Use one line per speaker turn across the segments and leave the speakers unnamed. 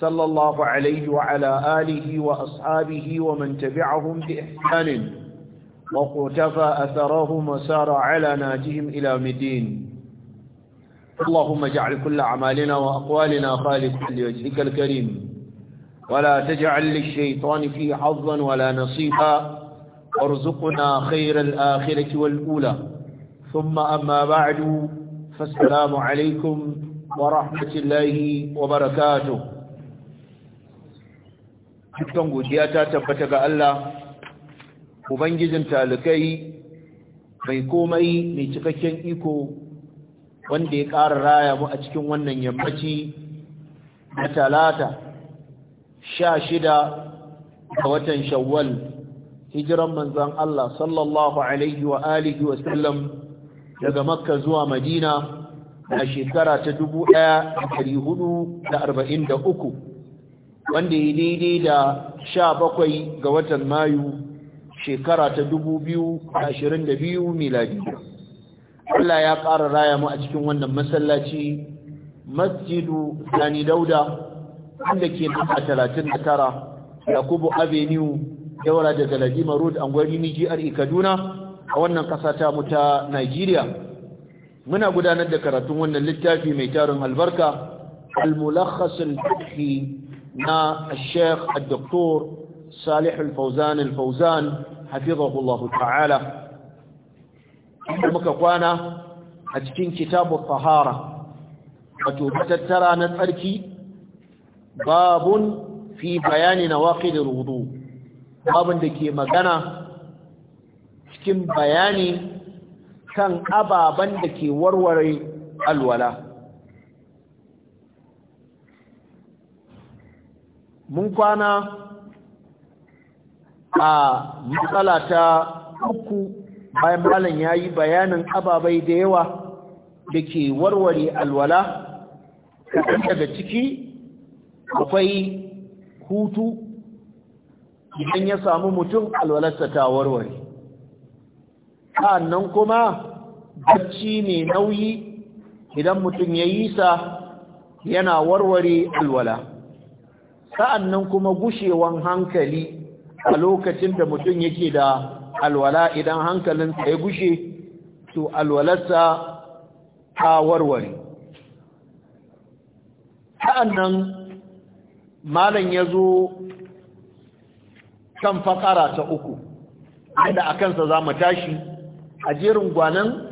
صلى الله عليه وعلى آله وأصحابه ومن تبعهم بإحسان وقتفى أثرهم وسار على ناجهم إلى مدين اللهم اجعل كل أعمالنا وأقوالنا خالصا لوجهك الكريم ولا تجعل للشيطان فيه حظا ولا نصيبا وارزقنا خير الآخرة والأولى ثم أما بعد فالسلام عليكم ورحمة الله وبركاته dukkan godiya ta tabbata ga Allah ubangijin talikai mai komai mai cikakken iko wanda ya ƙara raya mu a cikin wannan yammaci na talata sha shida ga watan shawwal hijiran manzan Allah sallallahu alaihi wa alihi wa sallam daga makka zuwa madina a shekara ta dubu ɗaya da da arba'in uku. wanda ya daidai da sha bakwai ga watan mayu shekara ta dubu biyu ashirin da biyu miladi Allah ya ƙara raya mu a cikin wannan masallaci masjidu sani dauda wanda ke nama talatin da tara yakubu avenue yaura da galadima road angwari niji e, kaduna a wannan ƙasa ta mu ta nigeria muna gudanar da karatun wannan littafi mai tarin albarka al-mulakhas fiqhi na Sheikh Dr. Salih Al-Fauzan Al-Fauzan hafizahullahu ta'ala muka kwana a cikin kitabu tahara wato tattara na tsarki babun fi bayani nawaqid al-wudu babun da ke magana cikin bayani kan ababan da ke warware alwala mun kwana a matsala ta uku bayan malam ya yi bayanin ababai da yawa da ke warware alwala daga ciki akwai hutu idan ya samu mutum alwalarsa ta warware sa'annan kuma bacci ne nauyi idan mutum ya yi sa yana warware alwala sa'annan kuma gushewan hankali a lokacin da mutum yake da alwala idan hankalinsa ya gushe to alwalarsa ta warware sa'annan malam ya zo kan fakara ta uku inda a kansa za mu tashi a jerin gwanan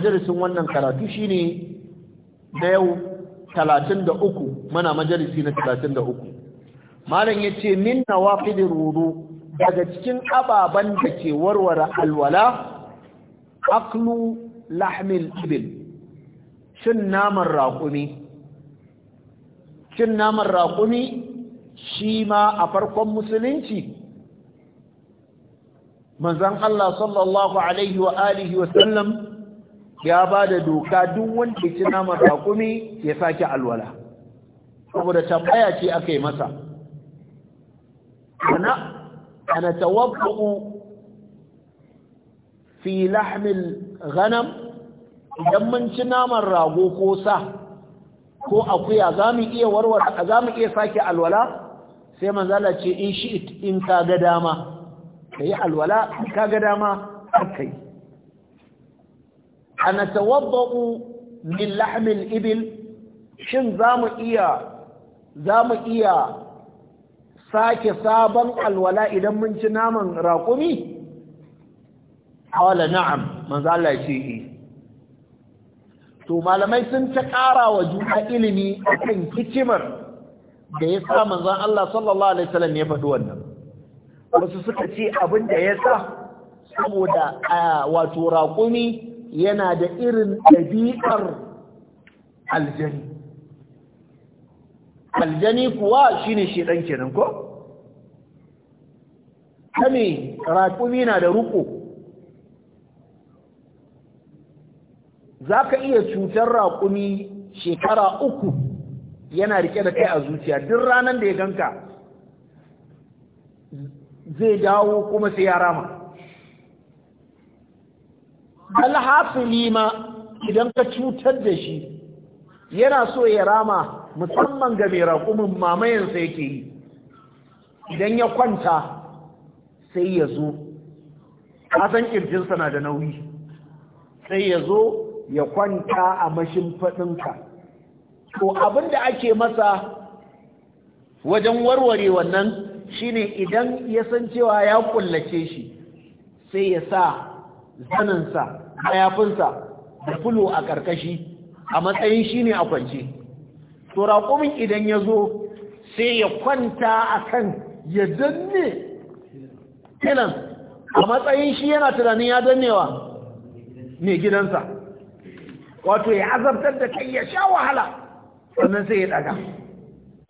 jirisin wannan karatu shine na yau talatin da uku mana majalisi na talatin da uku malam ya ce min na wafidin ruru daga cikin ababan da ke warware alwala aklu lahmil ibil cin naman raƙumi cin naman raƙumi shi ma a farkon musulunci manzan Allah sallallahu alaihi wa alihi wa sallam ya ba da doka duk wanda ci naman takumi ya sake alwala saboda tambaya ce aka yi masa ana ana tawabbu fi lahmil ghanam idan mun ci naman rago ko sa ko akuya zamu iya warware zamu iya sake alwala sai manzala ce in shi in ka ga dama kai alwala alwala ka ga dama kai ana tawabba'u min lahmil ibil shin za mu iya za mu iya sake sabon alwala idan mun ci naman raƙumi? Hawala na'am, manzala ce yi. To, malamai sun ta ƙara wa juna ilimi a kan hikimar da ya sa manzan Allah sallallahu Alaihi wasallam ya faɗi wannan. Wasu suka ce abin da ya sa, saboda wato raƙumi yana da irin ɗabi'ar aljani aljani kuwa shine ɗan kenan ko kame raƙumi na da ruko za ka iya cutar raƙumi shekara uku yana rike da kai a zuciya duk ranar da ya ganka zai dawo kuma sai ya rama bal ma idan ka cutar da shi yana so ya rama musamman ga mai raƙumin mamayansa yake yi idan ya kwanta sai ya zo kasan ƙirjinsa na da nauyi sai ya zo ya kwanta a mashin faɗinka to abinda ake masa wajen warware wannan shine idan ya san cewa ya kullace shi sai ya sa zaninsa mayafinsa da fulo a ƙarƙashi a matsayin shi ne a kwance to raƙumin idan ya zo sai ya kwanta a kan ya danne tilan a matsayin shi yana tunanin ya dannewa mai gidansa wato ya azabtar da kai ya sha wahala sannan sai ya daga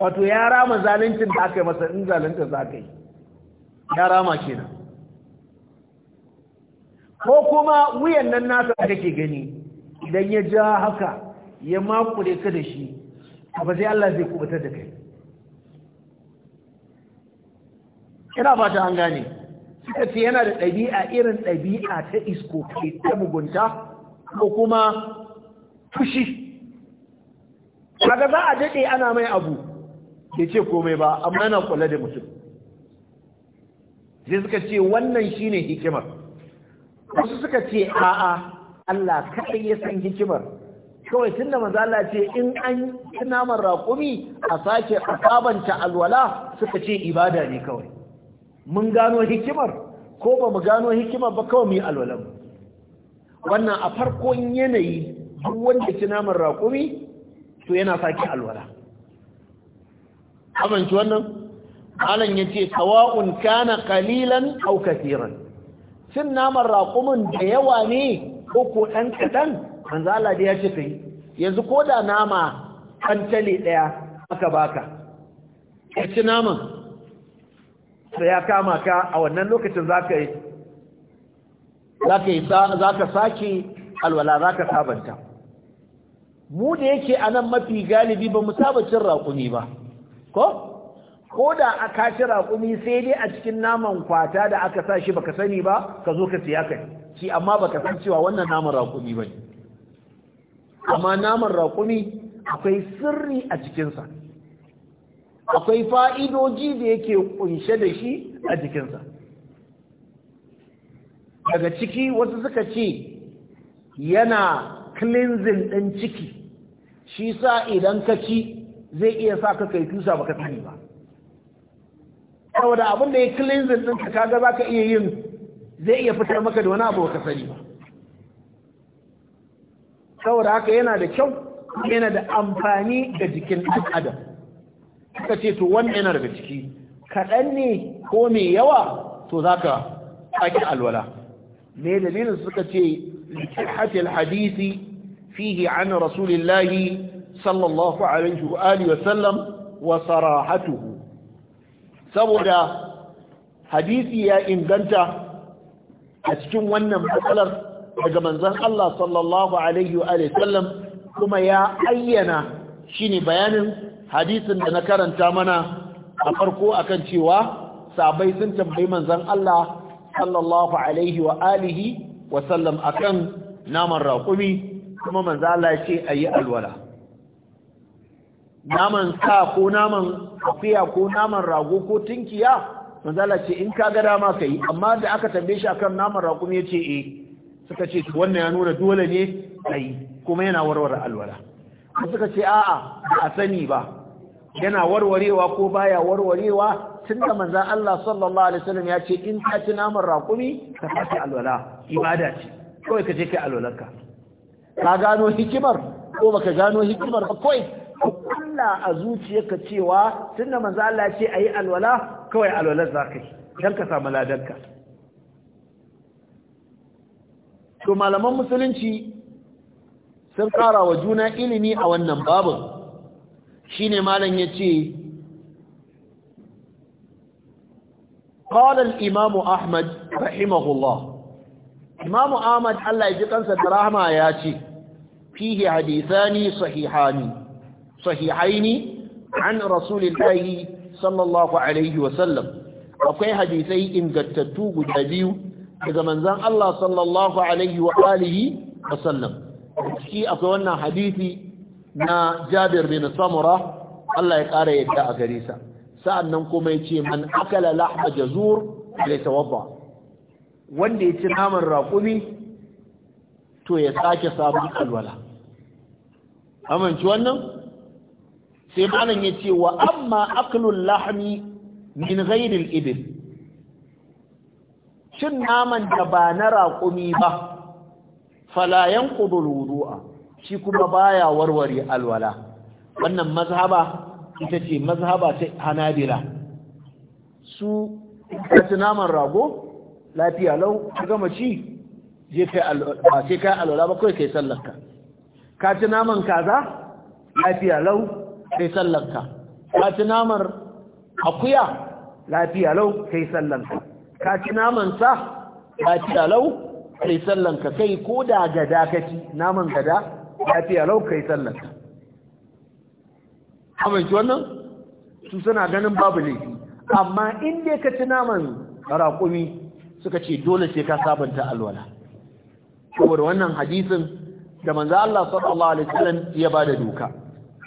wato ya rama zalincin da aka yi masa in zalunta za ka yi ya rama kenan ko kuma wuyan nan nasa da kake gani idan ya ja haka ya makure ka da shi ba sai Allah zai kubutar da kai ina fata an gane suka ce yana da ɗabi'a irin ɗabi'a ta isko ke ta mugunta ko kuma fushi kaga za a daɗe ana mai abu Ke ce komai ba amma yana kula da mutum sai suka ce wannan shine hikimar wasu suka ce a'a Allah kaɗai ya san hikimar kawai tun da mazala ce in an ci naman raƙumi a sake a sabanta alwala suka ce ibada ne kawai mun gano hikimar ko ba mu gano hikimar ba kawai mu yi alwala wannan a farkon yanayi duk wanda ci naman raƙumi to yana sake alwala amince wannan alan yace sawa'un kana qalilan aw katiran cin naman raƙumin da yawa ne ko ko ɗan kaɗan manzo ya ce yi. yanzu ko da nama tale ɗaya aka baka ka ci naman da ya kama ka a wannan lokacin za ka sake alwala za ka sabanta mu da yake a nan mafi galibi ba mu saba cin raƙumi ba ko ko da a kashi raƙumi sai dai a cikin naman kwata da aka sa shi baka sani ba ka zo ka siya ka shi amma baka san cewa wannan naman raƙumi ba amma naman raƙumi akwai sirri a cikinsa akwai fa'idoji da yake kunshe da shi a jikinsa daga ciki wasu suka ce yana cleansing ɗin ciki shi sa idan ka ci zai iya sa ka kai tusa baka sani ba saboda abin da ya cleansing ɗinka kaga za iya yin zai iya fitar maka da wani abu ka sani ba saboda haka yana da kyau yana da amfani ga jikin ɗan adam suka ce to wannan yana daga ciki kaɗan ne ko mai yawa to za ka alwala me dalilin suka ce likihatil hadisi fihi an rasulillahi sallallahu alaihi wa alihi wa sallam wa saboda hadisi ya inganta a cikin wannan matsalar daga manzon Allah sallallahu alaihi kuma ya ayyana shine bayanin hadisin da na karanta mana a farko akan cewa sabai sun tambayi manzon Allah sallallahu alaihi akan naman raƙumi kuma manzo Allah ya ce alwala naman sa ko naman akuya ko naman rago ko tinkiya manzala ce in ka ga dama ka amma da aka tambaye shi akan naman rago ya ce eh suka ce wannan ya nuna dole ne ka kuma yana warware alwala suka ce a'a ba a sani ba yana warwarewa ko baya warwarewa tun da manzan Allah sallallahu alaihi wasallam ya ce in ka ci naman raƙumi ka fata alwala ibada ce kawai ka je kai alwalarka ka gano hikimar ko baka gano hikimar ba kawai Allah a zuciyarka cewa tunda manzo Allah ce ayi alwala kawai alwala zakai dan ka samu ladanka to malaman musulunci sun ƙara wa juna ilimi a wannan babin shine malam yace قال الإمام أحمد رحمه الله إمام أحمد الله يجب أن سترحمه ياتي فيه حديثان صحيحان sahihaini an rasulillahi sallallahu alaihi wasallam akwai hadisai ingantattu guda biyu daga manzan Allah sallallahu alaihi wa alihi wasallam shi akwai wannan hadisi na Jabir bin Samura Allah ya ƙara yadda a gare sa sa'annan kuma yace man akala lahma jazur laysa wadda wanda ya ci naman raƙumi to ya sake sabon alwala amince wannan sai malam ya ce wa amma aklul lahmi min ghairil ibil cin naman da ba na raƙumi ba falayan ƙudul wudu'a shi kuma baya warware alwala wannan mazhaba ita ce mazhaba ta hanabila su ci naman rago lafiya lau ka gama ci je kai alwala ba kai alwala ba kai kai sallarka ka ci naman kaza lafiya lau kai sallanka. ka ci namar akuya lafiya lau kai sallanka ka ci naman sa lafiya lau kai sallanka kai ko da gada kaci naman gada lafiya lau kai sallanka amince wannan su suna ganin babu laifi amma in dai ka ci naman raƙumi suka ce dole sai ka sabanta alwala saboda wannan hadisin da manzo Allah sallallahu alaihi wasallam ya bada doka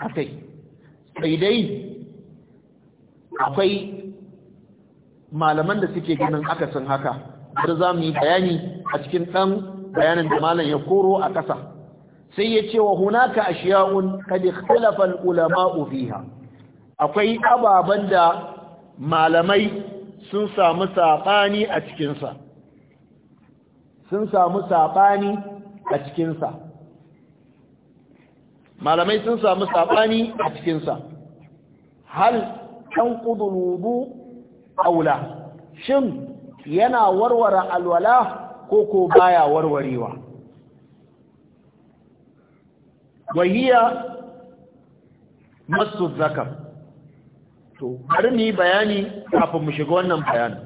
akai daidai
akwai
malaman da suke ganin akasin haka har za mu yi bayani a cikin ɗan bayanin da malam ya koro a ƙasa sai ya ce wa hunaka ashiya'un kad ikhtalafa al-ulama'u fiha akwai ababan da malamai sun samu sabani a cikin sun samu sabani a cikin malamai sun samu sabani a cikinsa hal kan kudurudu aula shin yana warware alwala ko ko baya warwarewa wahiya masu zakar to har ni bayani kafin mu shiga wannan bayanin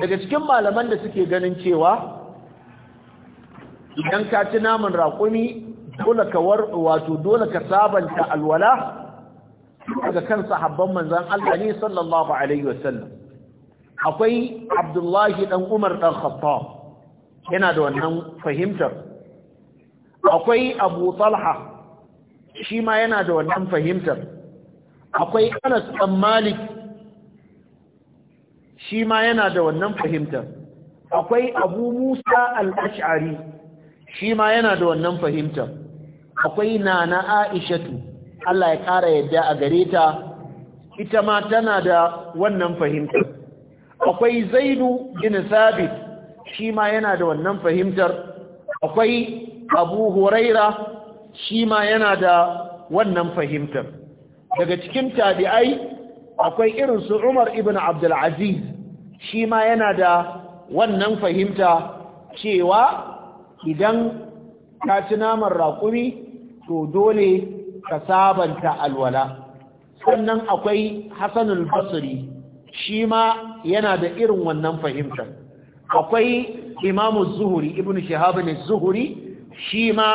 daga cikin malaman da suke ganin cewa idan ka ci naman raƙumi dole ka war wato dole ka sabanta alwala daga kan sahabban manzon Allah ne sallallahu alaihi wasallam akwai Abdullahi dan Umar dan Khattab yana da wannan fahimtar akwai Abu Talha shi ma yana da wannan fahimtar akwai Anas dan Malik shi ma yana da wannan fahimtar akwai Abu Musa al-Ash'ari shi ma yana da wannan fahimtar akwai nana aishatu Allah ya kara yadda a gare ta ita ma tana da wannan fahimtar akwai zainu bin sabit shi ma yana da wannan fahimtar akwai abu huraira shi ma yana da wannan fahimtar daga cikin tabi'ai akwai irin su umar ibn abdulaziz shi ma yana da wannan fahimta cewa idan ka ci naman raƙumi to dole ka sabanta alwala sannan akwai hasanul basri shi ma yana da irin wannan fahimtar akwai imamu zuhuri ibn shahabin zuhuri shi ma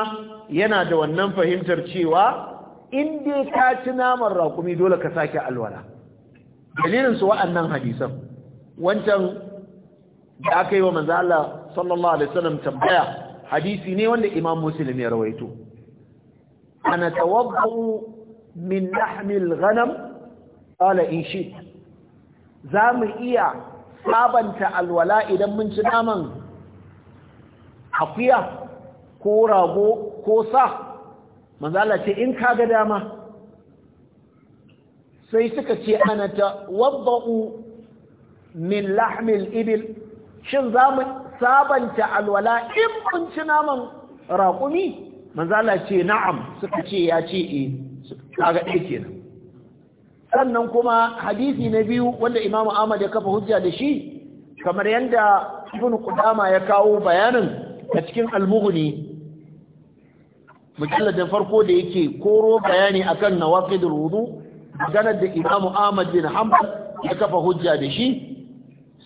yana da wannan fahimtar cewa in dai ka ci naman raƙumi dole ka sake alwala dalilin su wa'annan hadisan wancan da aka yi wa manzo Allah sallallahu alaihi wasallam tambaya hadisi ne wanda imam muslim ya rawaito anatawaddu min lahmil ghanam qala in shi za mu iya sabanta alwala idan mun ci naman akuya ko rago ko sa manzala ce in kaga dama sai suka ce ana ta min lahmil ibil shin za mu sabanta alwala in ci naman raƙumi manzala ce na'am suka ce ya ce e kaga ɗaya kenan sannan kuma hadisi na biyu wanda imam ahmad ya kafa hujja da shi kamar yadda ibn qudama ya kawo bayanin a cikin al-mughni mujalladin farko da yake koro bayani akan nawaqidul wudu maganar da imam ahmad bin hanbal ya kafa hujja da shi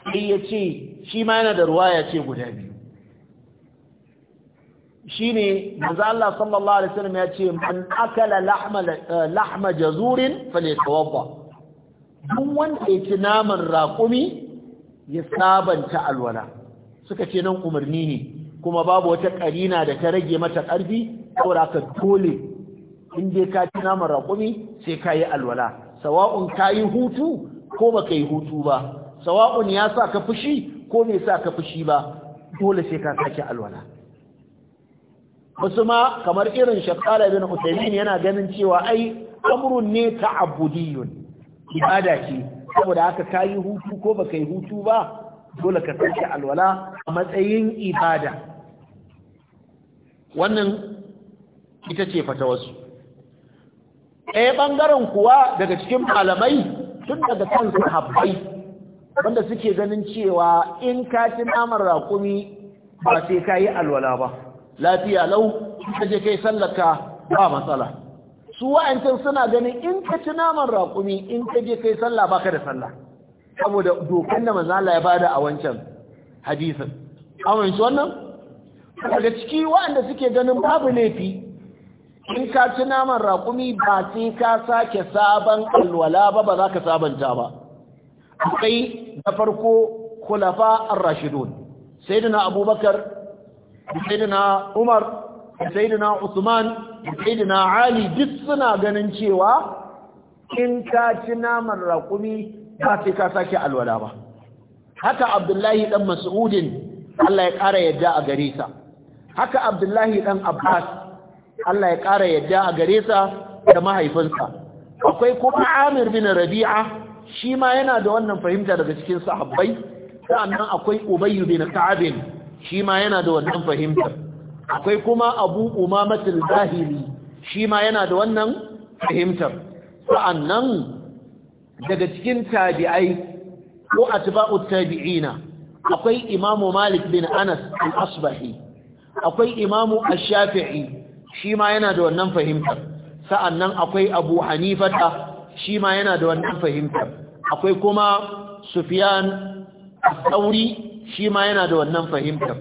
sai ya ce shi ma yana da ruwaya ce guda biyu shi ne manzo Allah sallallahu alaihi wasallam ya ce man akala lahma lahma jazurin tawabba duk wanda ya ci naman raƙumi ya sabanta alwala suka ce nan umarni ne kuma babu wata ƙarina da ta rage mata ƙarfi saboda ka dole in dai ka ci naman raƙumi sai ka yi alwala sawa'un ka yi hutu ko ba ka yi hutu ba sawa'un ya sa ka fushi ko bai sa ka fushi ba dole sai ka sake alwala wasu ma kamar irin shakala bin usaimin yana ganin cewa ai amrun ne ta abudiyun ibada ce saboda haka ka yi hutu ko baka yi hutu ba dole ka sake alwala a matsayin ibada wannan ita ce fata wasu ɗaya ɓangaren kuwa daga cikin malamai tun daga kan sahabbai wanda suke ganin cewa in ka ci naman raƙumi ba sai ka yi alwala ba lafiya lau ka je kai sallaka ba matsala su wa'ancan suna ganin in ka ci naman raƙumi in ka je kai sallah baka da sallah saboda dokan da manzo Allah ya bada a wancan hadisin amin shi wannan daga ciki wa'anda suke ganin babu laifi in ka ci naman raƙumi ba sai ka sake sabon alwala ba ba za ka sabanta ba akwai na farko khulafa ar-rashidun sayyidina abubakar sayyidina Umar sayyidina Usman sayyidina Ali duk suna ganin cewa in ka ci naman raƙumi ba sai ka saki alwala ba haka Abdullahi dan Mas'udin Allah ya ƙara yadda a gare sa haka Abdullahi dan Abbas Allah ya kara yadda a gare sa da mahaifinsa akwai kuma Amir bin Rabi'a shi ma yana da wannan fahimta daga cikin sahabbai sannan akwai Ubayy bin Ka'ab shi ma yana da wannan fahimtar akwai kuma abu umamatul zahiri shi ma yana da wannan fahimtar sa'annan daga cikin tabi'ai ko atba'ut tabi'ina akwai imamu malik bin anas al-asbahi akwai imamu ash-shafi'i shi ma yana da wannan fahimtar sa'annan akwai abu hanifata shi ma yana da wannan fahimtar akwai kuma sufyan al-thawri shi ma yana da wannan fahimtar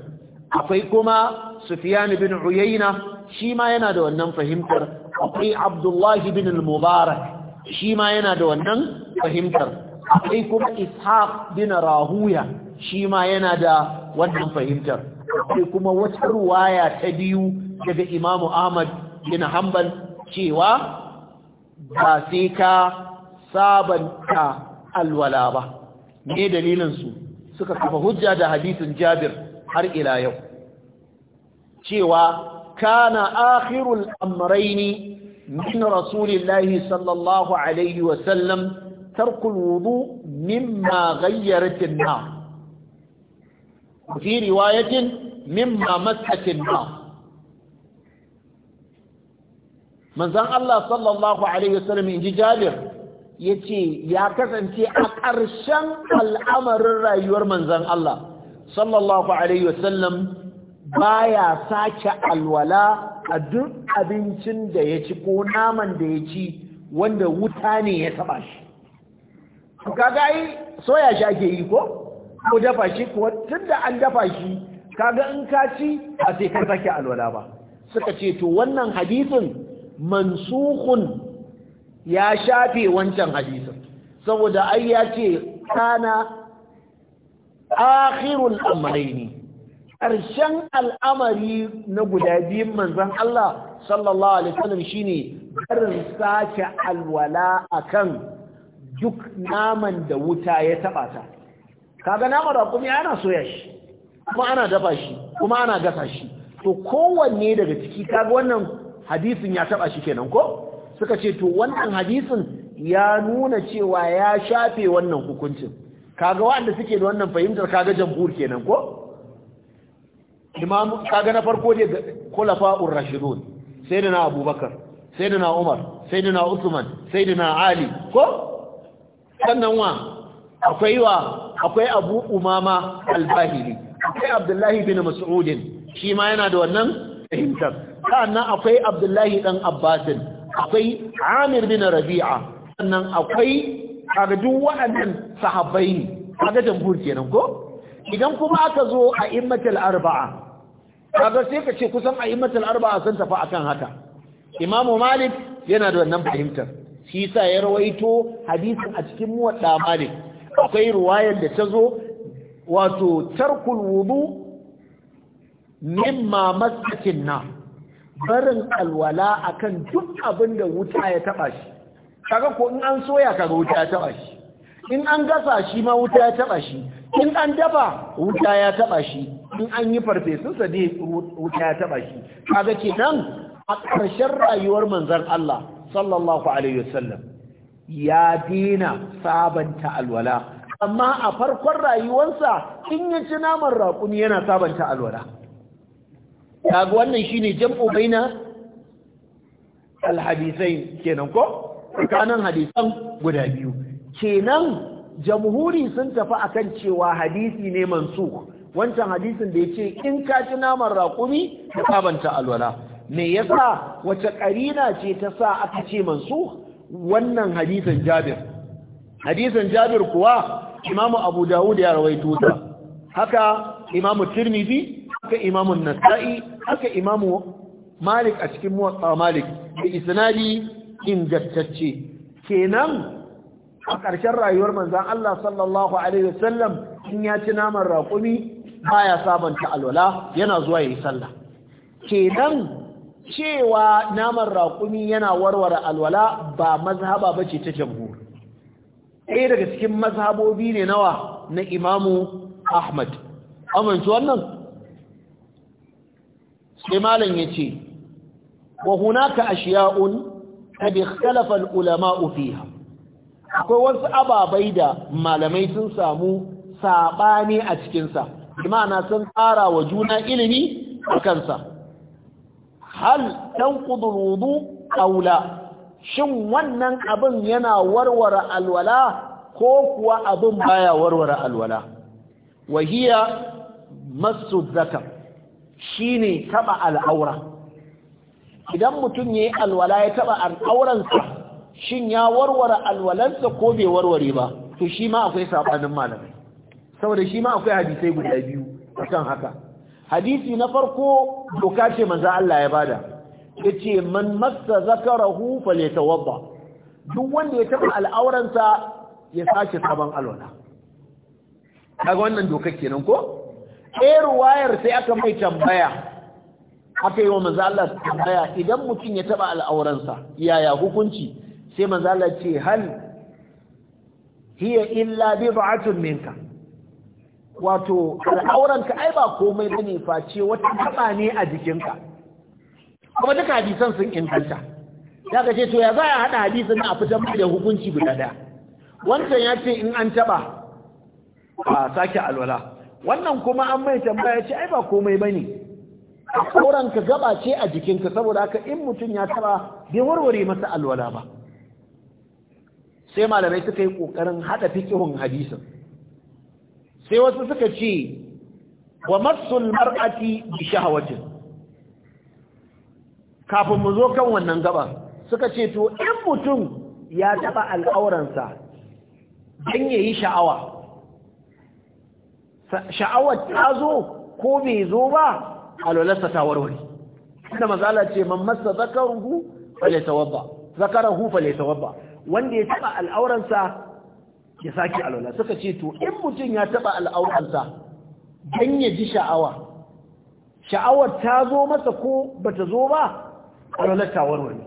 akwai kuma Sufyan bin Uyayna shi ma yana da wannan fahimtar akwai Abdullahi bin mubarak shi ma yana da wannan fahimtar akwai kuma Ishaq bin Rahuya shi ma yana da wannan fahimtar akwai kuma wata ruwaya ta biyu daga Imam Ahmad bin Hanbal cewa ba sai ka sabanta alwala ba ne dalilinsu suka kafa hujja da hadisin jabir har ila yau cewa kana akhirul amrayn min rasulillahi sallallahu alaihi wa tarkul wudu mimma ghayyarat an-nar fi riwayatin mimma massat an-nar manzan Allah sallallahu Alaihi wasallam inji jabir ya ce ya kasance a ƙarshen al'amarin rayuwar manzan Allah sallallahu Alaihi wasallam ba ya sake alwala a duk abincin da ya ci ko naman da ya ci wanda wuta ne ya taba shi kaga yi soya shi ake yi ko ko dafa shi ko tun da an dafa shi kaga in ka ci a sai ka sake alwala ba suka ce to wannan hadisin mansukhun ya shafe wancan hadisin saboda ai ya ce kana akhirul amrayni ƙarshen al'amari na guda biyun manzon Allah sallallahu alaihi wasallam shine barin sace alwala akan duk naman da wuta ya taba ta kaga naman kuma ana soya shi kuma ana dafa shi kuma ana gasa shi to kowanne daga ciki kaga wannan hadisin ya taba shi kenan ko suka ce to wannan hadisin ya nuna cewa ya shafe wannan hukuncin kaga wanda suke da wannan fahimtar kaga jamhur kenan ko imam kaga na farko ne khulafa'ur rashidun sayyidina abubakar sayyidina umar sayyidina usman sayyidina ali ko sannan wa akwai wa akwai abu umama al-bahili akwai abdullahi bin mas'ud shi ma yana da wannan fahimtar sannan akwai abdullahi dan abbasin akwai amir bin rabi'a sannan akwai kaga duk waɗannan sahabbai ne kaga jamhur kenan ko idan kuma aka zo a immatul arba'a kaga sai ka ce kusan a immatul arba'a sun tafi akan haka imamu malik yana da wannan fahimtar shi yasa ya rawaito hadisin a cikin muwadda malik akwai ruwayar da ta zo wato tarkul wudu mimma masakin na barin alwala akan duk abin da wuta ya taba shi kaga ko in an soya kaga wuta ya taba shi in an gasa shi ma wuta ya taba shi in an dafa wuta ya taba shi in an yi farfesun sa dai wuta ya taba shi kaga kenan a ƙarshen rayuwar manzon Allah sallallahu alaihi wasallam ya dina sabanta alwala amma a farkon rayuwarsa in yi ci naman raƙumi yana sabanta alwala kaga wannan shine jam'u baina alhadisai kenan ko tsakanin hadisan guda biyu kenan jamhuri sun tafi akan cewa hadisi ne mansukh wancan hadisin da yace in ka ci naman raƙumi ka sabanta alwala me yasa wace ƙarina ce ta sa aka ce mansukh wannan hadisin Jabir hadisin Jabir kuwa Imam Abu Dawud ya rawaito ta haka Imam Tirmidhi haka Imam Nasa'i haka imamu malik a cikin muwatsa malik da isnadi ingantacce kenan a ƙarshen rayuwar manzan Allah sallallahu alaihi wasallam in ya ci naman raƙumi baya sabanta alwala yana zuwa yi sallah kenan cewa naman raƙumi yana warware alwala ba mazhaba ce ta jamhur ɗaya daga cikin mazhabobi ne nawa na imamu ahmad amince wannan sai malam yace wa hunaka ashiya'un qad ikhtalafa al-ulama'u fiha akwai wasu ababai da malamai sun samu sabani a cikin sa bima'ana sun tsara wa juna ilimi a kansa hal tanqudu al-wudu aw la shin wannan abin yana warware alwala ko kuwa abin baya warware alwala wahiya masu zakar Shi ne taɓa al'aura idan mutum ya yi alwala ya taɓa al'auransa shin ya warware alwalansa ko bai warware ba to shi ma akwai saɓanin malamai saboda shi ma akwai hadisai guda biyu a kan haka hadisi na farko doka ce manza Allah ya bada Ya ce man masa massa ta wabba. duk wanda ya taɓa al'auransa ya sake sabon alwala kaga wannan doka kenan ko ɗaya ruwayar sai aka mai tambaya aka yi wa mazala tambaya idan mutum ya taba al'auransa yaya hukunci sai mazala ce hal hiya illa ba'atun minka wato al'auranka ai ba komai ne face wata taba ne a jikinka kuma duka hadisan sun inganta ya ka ce to ya za a haɗa hadisan a fitar da hukunci guda ɗaya wancan ya ce in an taɓa a sake alwala wannan kuma an mai tambaya ce ai ba komai bane koran ka gaba ce a jikinka saboda haka in mutum ya taba bai warware masa alwala ba sai malamai suka yi kokarin hada fikihun hadisin sai wasu suka ce wa masul mar'ati bi shahawatin kafin mu zo kan wannan gaba suka ce to in mutum ya taba al'auransa dan yayi sha'awa sha'awar ta zo ko bai zo ba a alwalarsa ta warware inda mazala ce man masa hu, falyatawabba zakarahu ba. wanda ya taba al'auransa ya a alwala suka ce to in mutum ya taba al'auransa don ya ji sha'awa sha'awar ta zo masa ko ba ta zo ba a ta warware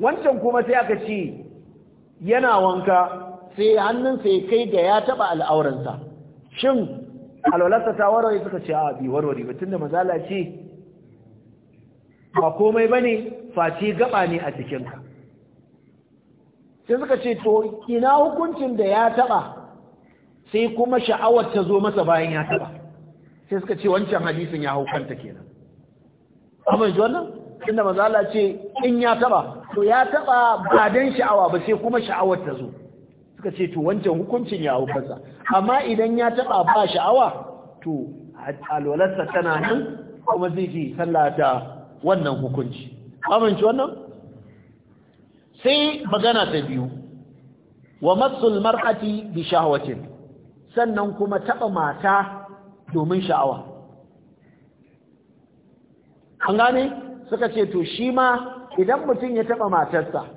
wancan kuma sai aka ce yana wanka sai hannunsa ya kai da ya taba al'auransa shin alwalarsa ta warware suka ce a bi warware ba tunda mazala ce ba komai ba ne face gaba ne a cikinka. sai suka ce to ina hukuncin da ya taba sai kuma sha'awar ta zo masa bayan ya taba sai suka ce wancan hadisin ya hau kanta kenan amma ji wannan inda mazala ce in ya taba to ya taba ba dan sha'awa ba sai kuma sha'awar ta zo suka ce to wancan hukuncin ya hukunsa amma idan ya taba ba sha'awa to alwalarsa tana nan kuma zai ji sallah wannan hukunci amince wannan sai magana ta biyu wa masul mar'ati bi shahwatin sannan kuma taba mata domin sha'awa an gane suka ce to shi ma idan mutum ya taba matarsa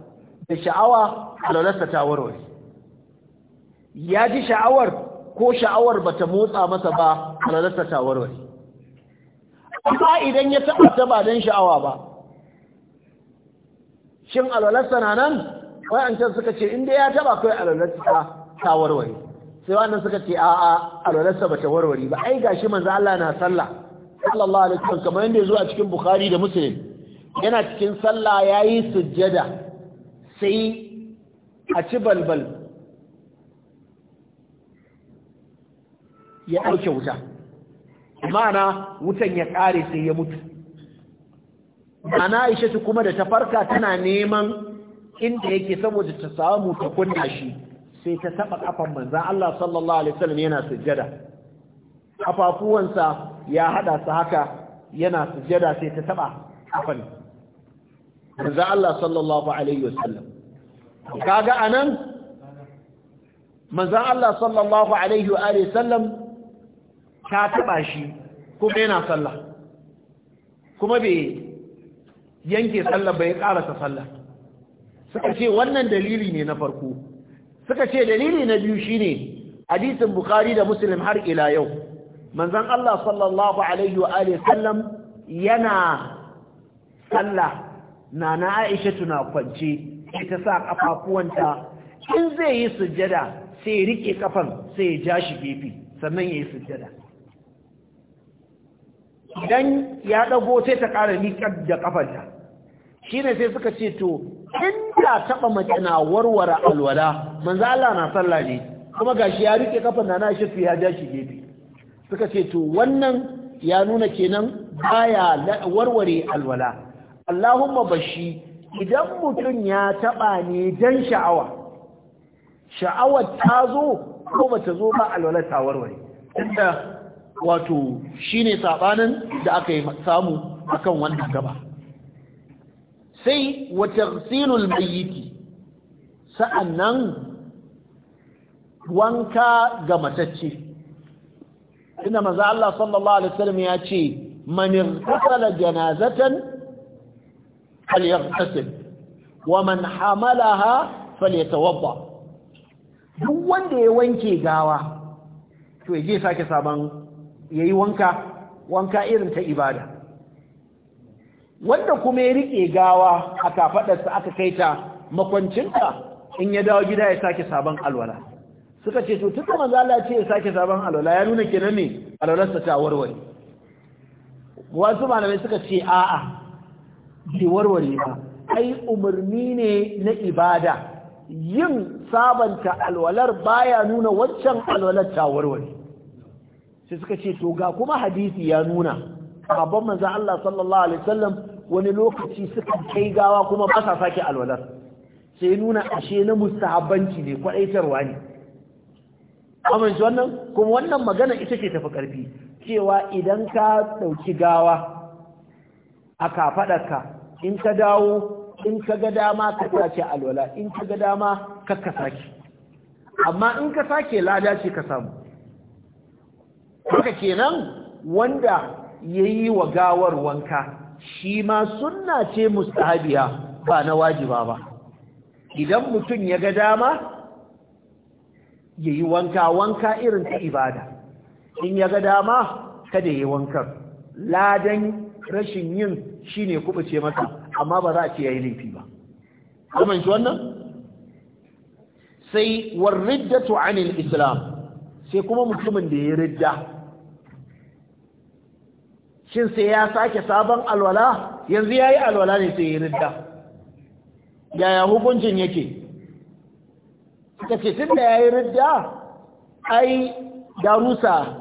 da sha'awa alwalarsa ta warware ya ji sha'awar ko sha'awar ba ta motsa masa ba a halarta shawarwari amma idan ya taɓa ta ba don sha'awa ba shin alwalarsa na nan wayancan suka ce inda ya taɓa kai alwalarsa ta warware sai wannan suka ce a'a alwalarsa bata warware ba ai gashi manzo Allah na sallah sallallahu alaihi wasallam kamar yadda ya zo a cikin Bukhari da Muslim yana cikin sallah yayi sujjada sai a ci balbal ya ɗauke wuta ma'ana wutan ya ƙare sai ya mutu ana aishatu kuma da ta farka tana neman inda yake saboda ta samu ta kunna shi sai ta taɓa ƙafan manza Allah sallallahu alaihi wasallam yana sujjada Ƙafafuwansa ya haɗa su haka yana sujjada sai ta taɓa ƙafan manza Allah sallallahu alaihi wasallam kaga anan manza Allah sallallahu alaihi wa sallam ta taba shi kuma yana sallah kuma bai yanke sallah bai karasa sallah suka ce wannan dalili ne na farko suka ce dalili na biyu shine hadisin bukhari da muslim har ila yau manzon Allah sallallahu alaihi wa alihi sallam yana sallah na na Aisha tuna kwance ita sa kafafuwanta in zai yi sujjada sai rike kafan sai ya ja shi gefe sannan ya yi sujada. idan ya ɗago sai ta ƙara liƙar da ƙafarta shi ne sai suka ce to inda taɓa mace na warware alwala manza Allah na sallah ne kuma shi ya riƙe ƙafar na na shafi ya ja shi gefe suka ce to wannan ya nuna kenan baya warware alwala Allahumma bashi idan mutum ya taɓa ne don sha'awa sha'awar ta zo ko bata zo ba alwala ta warware wato shine saɓanin da aka yi samu akan wannan gaba sai yi tagsilul sa'an nan wanka ga matacce inda maza Allah sallallahu alaihi wasallam ya ce manin kasala janazatan falyaghtasil wa man hamalaha falyatawadda duk wanda ya wanke gawa to ya je sake sabon ya yi wanka wanka irin ta ibada wanda kuma ya riƙe gawa a kafaɗarsa aka kai ta makwancinta in ya dawo gida ya sake sabon alwala suka ce to tun da ce ya sake sabon alwala ya nuna kenan ne alwalarsa ta warware wasu malamai suka ce a'a bai warware ba ai umarni ne na ibada yin sabanta alwalar baya nuna waccan alwalar ta warware sai suka ce to ga kuma hadisi ya nuna sahabban manzo Allah sallallahu alaihi wasallam wani lokaci suka kai gawa kuma ba sa sake alwalar sai nuna ashe na mustahabbanci ne kwadaitarwa ne shi wannan kuma wannan magana ita ce tafi karfi cewa idan ka dauki gawa a kafadarka in ka dawo in ka ga dama ka sace alwala in ka ga dama ka ka sake amma in ka sake lada ce ka samu haka kenan wanda ya yi wa gawar wanka shi ma sunna ce mustahabiya ba na wajiba ba idan mutum ya ga dama ya yi wanka wanka irin ta ibada in ya ga dama kada ya yi wankan ladan rashin yin shi ne kubuce masa amma ba za a ce ya yi laifi ba kuma shi wannan sai warriddatu anil islam sai kuma mutumin da ya ridda shin sai ya sake sabon alwala yanzu ya yi alwala ne sai ya ridda yaya hukuncin yake suka ce tun da ya yi ridda ai darusa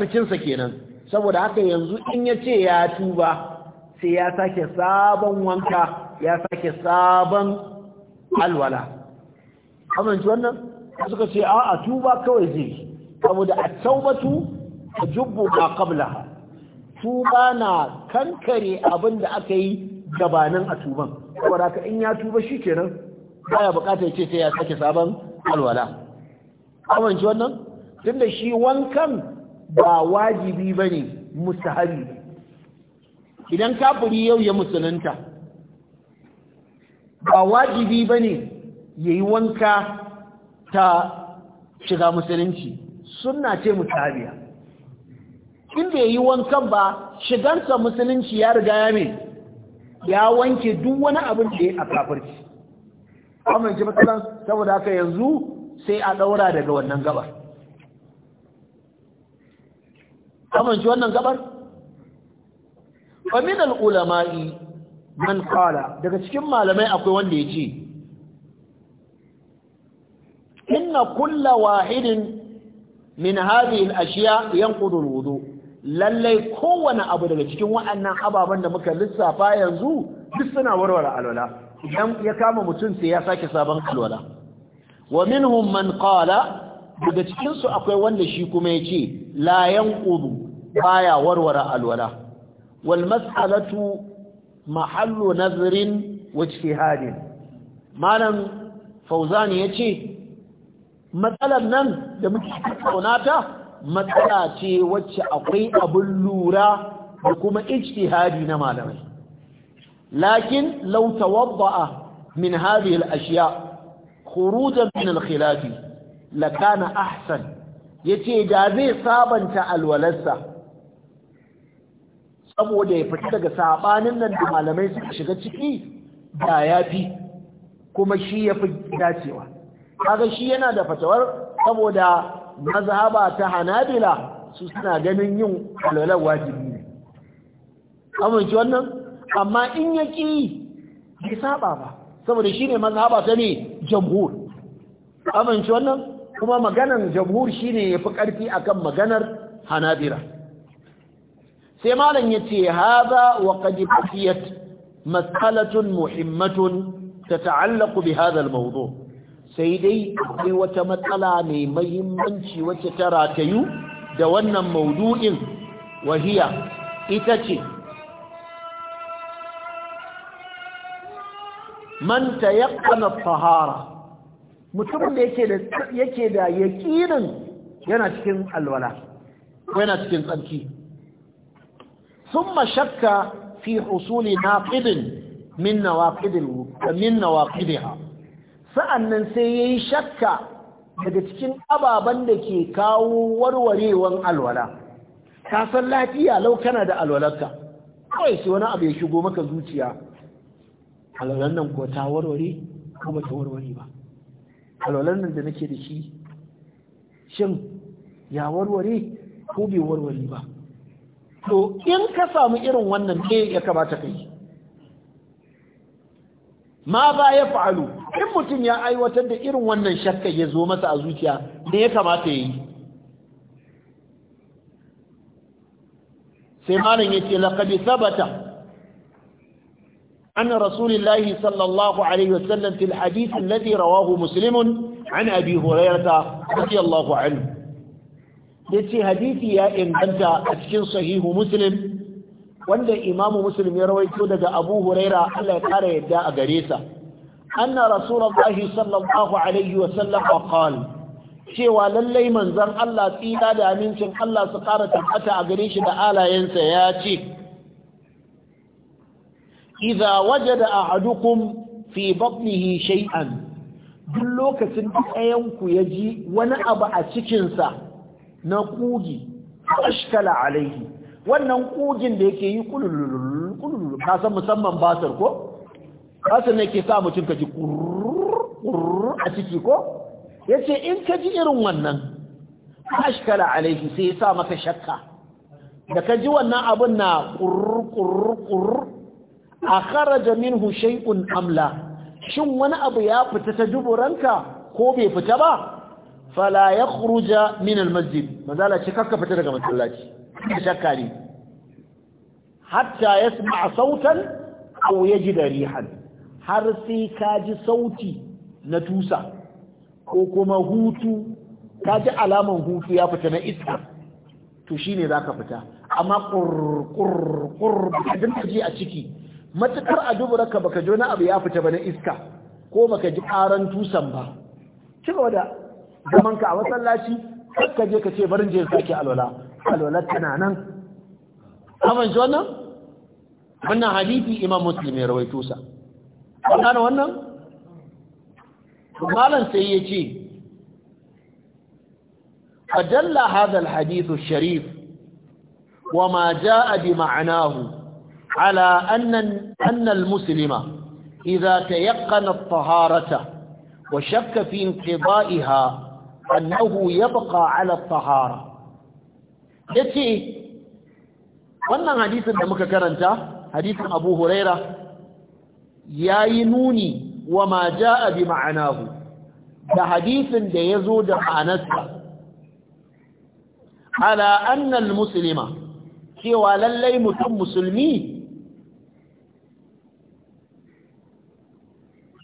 rusa kenan saboda haka yanzu in ya ce ya tuba sai ya sake sabon wanka ya sake sabon alwala amince wannan suka ce a a tuba kawai zai saboda a taubatu a jubbu ma qablaha tuba na kankare abin da aka yi gabanin a tuban saboda ka in ya tuba shi kenan baya bukatar ce sai ya sake sabon alwala amince wannan tunda shi wankan ba wajibi bane mustahabi idan kafiri yau ya musulunta ba wajibi bane yayi wanka ta shiga musulunci sunna ce mutabiya in bai yi wankan ba shigansa musulunci ya riga ya mai ya wanke duk wani abin da ya a kafirci amma ji matsalan saboda haka yanzu sai a daura daga wannan gabar amma ji wannan gabar famin al'ulama'i man kala daga cikin malamai akwai wanda ya ce inna kulla wahidin min hadhihi al-ashiya yanqudu al-wudu lallai kowane abu daga cikin wa'annan ababen da muka lissafa yanzu duk suna warware alwala idan ya kama mutum sai ya sake sabon alwala wa minhum man qala daga cikin su akwai wanda shi kuma yace la yanqudu baya warware alwala wal mas'alatu mahallu nazrin wa ijtihadin malam fauzani yace matsalar nan da muke tattauna ta matsala ce wacce akwai abin lura da kuma ijtihadi na malamai lakin law tawadda'a min hadhihi al-ashya khurujan min al-khilaf lakana ahsan yace da zai sabanta alwalarsa saboda ya fita daga sabanin nan da malamai suka shiga ciki da yafi kuma shi yafi dacewa kaga shi yana da fatawar saboda mazhaba ta hanabila su suna ganin yin alwalar wajibi ne amince wannan amma in ya ƙi bai saba ba saboda shi ne mazhaba ta ne jamhur amince wannan kuma maganar jamhur shi ne ya fi ƙarfi akan maganar hanabila sai malam ya ce haza wa ƙadifiyat matsalatun muhimmatun ta ta'allaku bi hadha al-mawdu' sai dai akwai wata matsala mai mahimmanci wacce ta ratayu da wannan maudu'in wahiya ita ce man tayaqqana tahara mutumin da yake da yake da yana cikin alwala yana cikin tsarki sun mashakka fi husuli naqidin min nawaqidil min nawaqidiha sa'annan sai ya yi shakka daga cikin ababen da ke kawo warwarewan alwala ka san lafiya lau kana da alwalarka kawai sai wani abu ya shigo maka zuciya alwalar nan ko ta warware ko ba ta warware ba alwalar nan da nake da shi shin ya warware ko bai warware ba to in ka samu irin wannan ne ya kamata ka yi ma ba ya fa'alu in mutum ya aiwatar da irin wannan shakka ya zo masa a zuciya ne ya kamata ya yi sai malam ya ce laƙadi sabata an rasulillahi sallallahu alaihi wasallam fil hadithin ladi rawahu muslimun an abi hurairata radiyallahu anhu ya ce hadithi ya inganta a cikin sahihu muslim wanda imamu muslim ya rawaito daga abu huraira Allah ya kara yadda a gare sa anna rasulullahi sallallahu alaihi wa sallam qala cewa lallai manzon Allah tsira da amincin Allah su kara tabbata a gare shi da alayensa ya ce idza wajada ahadukum fi batnihi shay'an duk lokacin da ɗayanku ya ji wani abu a cikinsa na kugi ashkala alaihi wannan kugin da yake yi kulululul ka san musamman basar ko basar ne ke sa mutum ka ji kurrr a ciki ko yace in ka ji irin wannan ashkala alaihi sai ya sa maka shakka da ka ji wannan abun na kurrr kurrr a kharaja minhu shay'un amla shin wani abu ya fita ta duburanka ko bai fita ba fala kuruja min almasjid mazala ce kakka fita daga masallaci shakka hatta ya sama sautan au ya ji rihan har sai ka ji sauti na tusa ko kuma hutu kaji ji alaman hutu ya fita na iska to shi ne za ka fita amma ƙurƙurƙur da ji a ciki matuƙar a duburaka baka ji wani abu ya fita ba na iska ko baka ji ƙaran tusan ba ci da da zamanka a masallaci ka je ka ce barin je sake alwala قالوا لك انا انا اما جوانا وانا حديث امام مسلم رويتوسا وانا وانا فقالا سيئتي فدل هذا الحديث الشريف وما جاء بمعناه على أن, أن المسلم إذا تيقن الطهارة وشك في انقضائها أنه يبقى على الطهارة ya ce wannan hadisin da muka karanta hadisin abu huraira ya yi nuni wa ma ja'a bi ma'anahu da hadisin da ya zo da ma'anarsa ala annan musulma cewa lallai mutum musulmi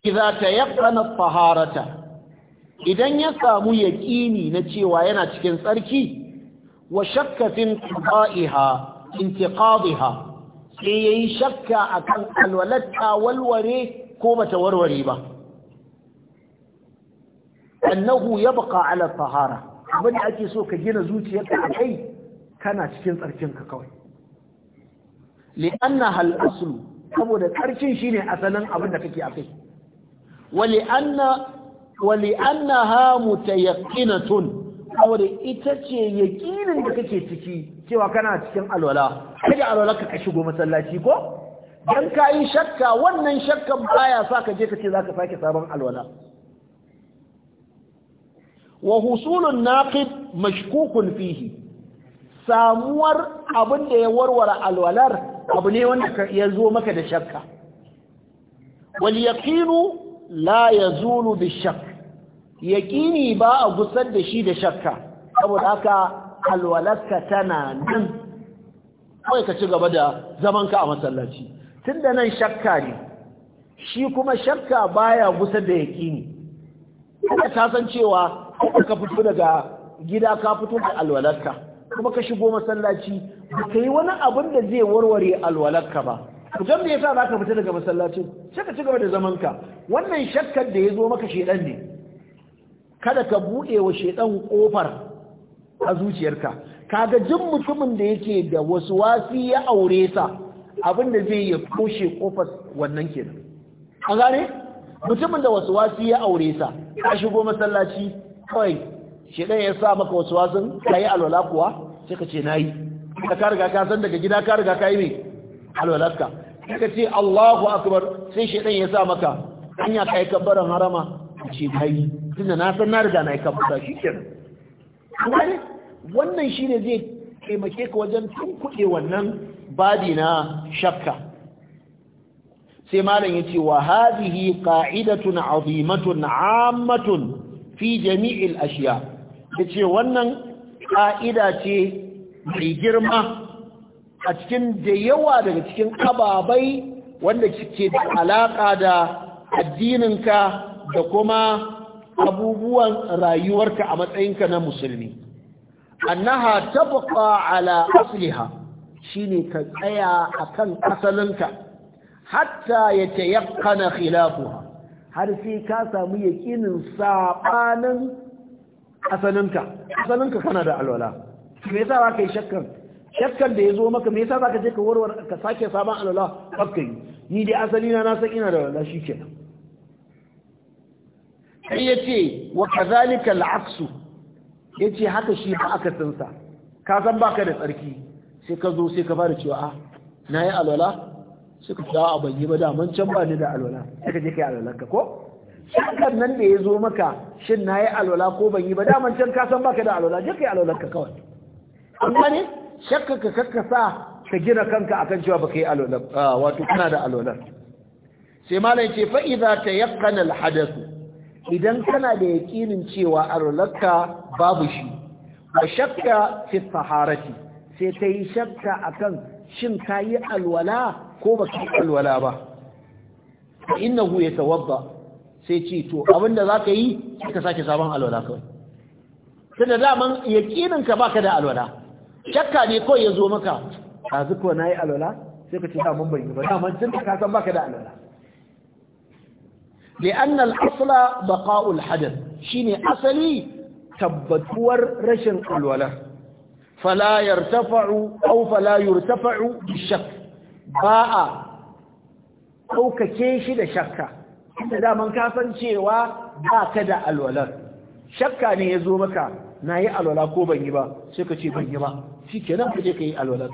ya tayaqqana faharata idan ya samu yaƙini na cewa yana cikin tsarki wa shakka fi intiqaiha intiqadiha sai yayi shakka akan alwalatta walware ko bata warware ba annahu yabqa ala tahara abin da ake so ka gina zuciyarka akai kana cikin tsarkinka kawai li'anna hal aslu saboda tsarkin shine asalin abin da kake akai wa li'anna wa li'annaha mutayaqqinatun aure ita ce yakinin da kake ciki cewa kana cikin alwala kada alwala ka shigo masallaci ko dan kayi shakka wannan shakkan baya sa ka je ka ce zaka sake sabon alwala wa husulun naqid mashkukun fihi samuwar abin da ya warware alwalar abu ne wanda ya zo maka da shakka wal yaqinu la yazulu bi yaƙini ba a gusar da shi da shakka saboda haka alwalarka tana nan kawai ka ci gaba da zamanka a masallaci Tunda nan shakka ne shi kuma shakka baya gusar da yaƙini kuma ta san cewa ka fito daga gida ka fito da alwalarka kuma ka shigo masallaci ba ka yi wani abin da zai warware alwalarka ba don da ya sa za ka fita daga masallacin shakka ci gaba da zamanka wannan shakkar da ya zo maka shedan ne kada ka buɗe wa shaidan kofar a zuciyarka kaga jin mutumin da yake da wasu wasi ya aure sa abin da zai ya koshe kofar wannan kenan an gane mutumin da wasu wasi ya aure sa ka shigo masallaci kawai shaidan ya sa maka wasu wasin ka yi alwala kuwa sai ka ce na yi ka riga ka san daga gida ka riga ka yi mai alwalarka ka ce Allahu akbar sai shaidan ya sa maka hanya kai kabbaran harama ce yi. tunda na san na riga na aika masa shi kenan gane wannan shine zai taimake ka wajen tunkuɗe wannan badi na shakka sai malam yace wa hadhihi qa'idatun azimatun ammatun fi jami'il ashiya yace wannan ƙa'ida ce mai girma a cikin da yawa daga cikin ababai wanda ke da alaƙa da addininka da kuma abubuwan rayuwarka a matsayinka na musulmi annaha tabqa ala asliha shine ka tsaya akan asalinka hatta yatayaqqana khilafuha har sai ka samu yakinin sabanin asalinka asalinka kana da alwala me yasa ba kai shakkan shakkan da yazo maka me yasa ba ka je ka warware ka sake sabon alwala ba ni dai asalina na san ina da alwala shikenan sai ya ce wa kazalika al'aksu ya ce haka shi ba aka tsinsa ka san baka da tsarki sai ka zo sai ka fara cewa a ah, na yi alwala ka cewa a ban yi ba daman can ba ni da alwala sai ka je ka yi alwala ka ko kan nan da ya zo maka shin na yi alwala ko ban yi ba daman can ka san baka da alwala je ka yi alwala ka kawai amma ne shakka ka kakka sa ka gina kanka akan cewa baka yi alwala ah, wato kana da alwala sai malam ce fa idza tayaqqana al hadath idan kana da yaƙinin cewa arulakka babu shi ba shakka fi saharati sai ta yi shakka akan shin ka yi alwala ko ba ka alwala ba innahu ya tawabba sai ce to abinda za ka yi ka sake sabon alwala kawai tunda daman yaƙinin ka baka da alwala shakka ne kawai ya zo maka a zuko na yi alwala sai ka ce daman ban yi ba daman tun ka san baka da alwala لأن الأصل بقاء الحدث شيني أصلي تبتور رشن الولا فلا يرتفع أو فلا يرتفع بالشك باء أو كيش لشك إذا من كافن شيوا باء كدا الولا شكا نيزومك ناي الولا كو بني با سيكا شي بني با شيكي نم كجيك الولا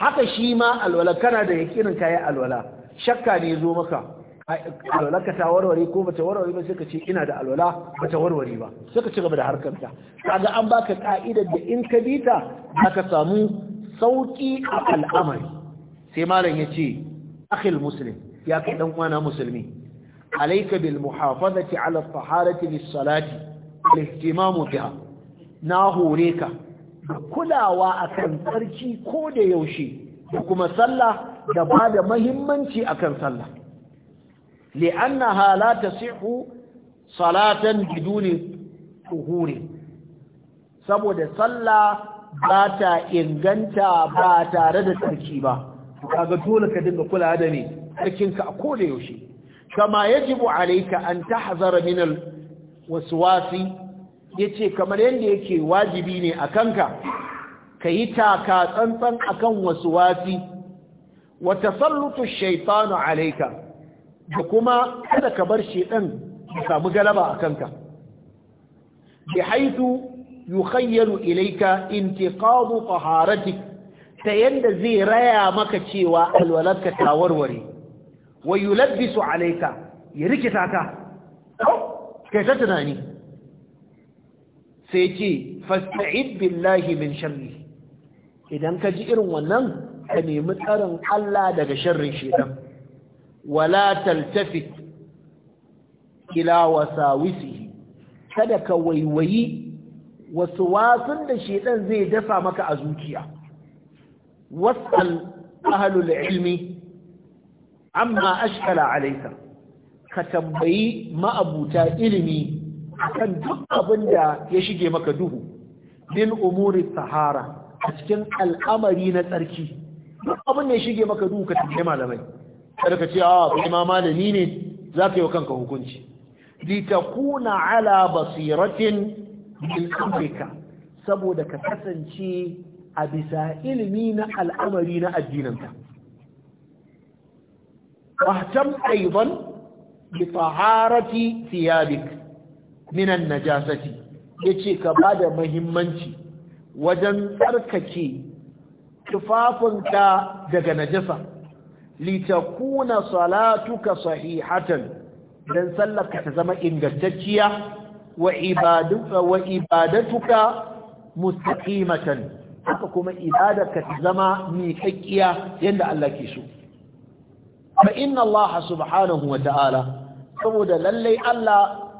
haka shi ma alwala kana da yakinin kayi alwala shakka ne zo maka alwala ka ta warware ko bata warware ba sai ka ce ina da alwala bata warware ba sai ka ci gaba da harkar ta kaga an baka ƙa'idar da in ka bi ta zaka samu sauki a al'amari sai malam yace akhil muslim ya kai dan uwana musulmi alayka bil muhafazati ala taharati lis salati al ihtimamu biha na hore ka kulawa akan tsarki ko da yaushe da kuma sallah da ba da mahimmanci akan sallah li'annaha la tasihu salatan biduni tuhuri saboda sallah ba ta inganta ba tare da tsarki ba kaga dole ka dinga kula da ne tsarkinka a koda yaushe kama yajibu alayka an tahzara min wasi. yace kamar yanda yake wajibi ne akanka kayi taka tsantsan akan waswasi wa tasallutu alayka da kuma kada ka bar shedan ya samu galaba a kanka bi haitu yukhayyalu ilayka intiqadu taharatik ta yanda zai raya maka cewa alwalarka ta warware wa yulabbisu alayka ya rikita ka kai ta tunani sai ce fasta'id billahi min sharri idan ka ji irin wannan ka nemi tsarin Allah daga sharrin shedan wala taltafit ila wasawisihi kada ka waiwayi wasu wasun da shedan zai dafa maka a zuciya wasal ahlul ilmi amma ashkala alayka ka tambayi ma'abuta ilimi akan duk abin da ya shige maka duhu min umuri sahara a cikin al'amari na tsarki duk abin da ya shige maka duhu ka tambayi malamai kada ka ce a kai ma malami ne za ka yi wa kanka hukunci litakuna ala basiratin min amrika saboda ka kasance a bisa ilimi na al'amari na addininka wahtam aidan bi taharati thiyabik min an-najasati yace ka bada muhimmanci wajen tsarkake tufafinka daga najasa litakuna salatuka sahihatan dan sallarka ta zama ingantacciya wa ibaduka wa ibadatuka mustaqimatan haka kuma ibadarka ta zama miƙaƙiya yanda Allah ke so fa inna Allah subhanahu wa ta'ala saboda lallai Allah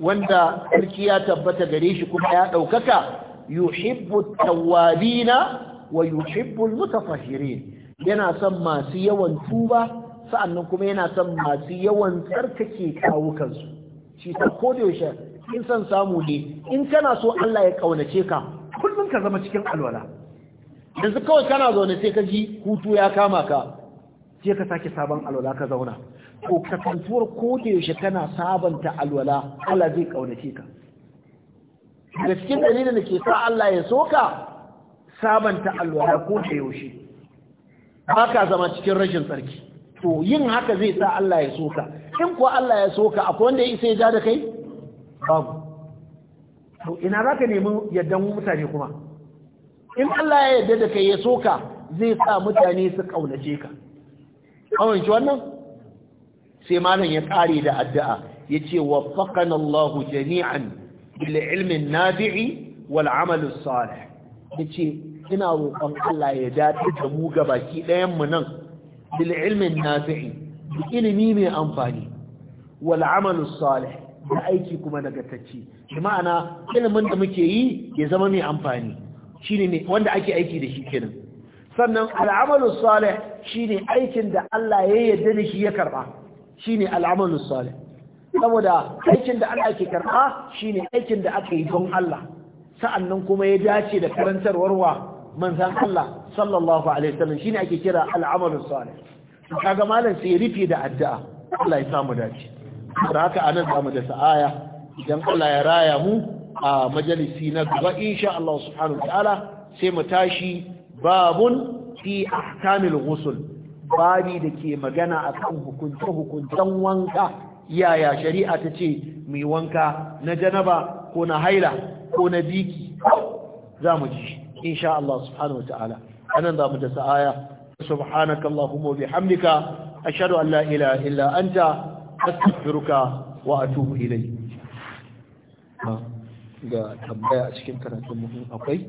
wanda sarki ya tabbata gare shi kuma ya ɗaukaka yuhibbu tawwabina wa yuhibbu al yana son masu yawan tuba sa'annan kuma yana son masu yawan tsarkake kawukansu shi ta yaushe in son samu ne in kana so Allah ya ƙaunace ka kullum ka zama cikin alwala yanzu kawai kana zaune sai ka ji hutu ya kama ka sai ka sake sabon alwala ka zauna ko da yaushe kana sabanta alwala Allah zai kaunace ka da cikin dalilin da ke sa Allah ya soka sabanta alwala ko da yaushe
ba ka zama cikin
rashin tsarki to yin haka zai sa Allah ya soka in kuwa Allah ya soka akwai wanda ya isa ya ja da kai babu to ina za ka nemi yardan mutane kuma in Allah ya yadda da kai ya soka zai sa mutane su kaunace ka kawai wannan sai malam ya kare da addu'a yace waffaqana Allah jami'an bil ilmi nabi'i wal amal salih yace ina roƙon Allah ya dace da mu ga baki ɗayan mu nan bil ilmin nafi'i bi ilimi mai amfani wal amalu salih da aiki kuma nagartacce bi ma'ana ilimin da muke yi ya zama mai amfani shine ne wanda ake aiki da shi kenan sannan al amalu salih shine aikin da Allah ya yarda da shi ya karba shine al amalu salih saboda aikin da Allah ke karba shine aikin da aka yi don Allah sa'annan kuma ya dace da karantarwar wa manzan Allah sallallahu alaihi wasallam shine ake kira al'amalus salih kaga malam sai rufe da addu'a Allah ya samu dace da haka anan zamu da sa'aya idan Allah ya raya mu a majalisi na gaba insha Allah subhanahu sai mu tashi babun fi ahkamil ghusl babi da ke magana akan hukunce hukuncen wanka yaya shari'a ta ce mai wanka na janaba ko na haila ko na biki za mu ji shi insha Allah subhanahu wataala anan za mu da sa'aya subhanaka allahumma bihamdika ashhadu an la ilaha illa anta astaghfiruka wa atubu ilayk ga tambaya a cikin karatun muhim akwai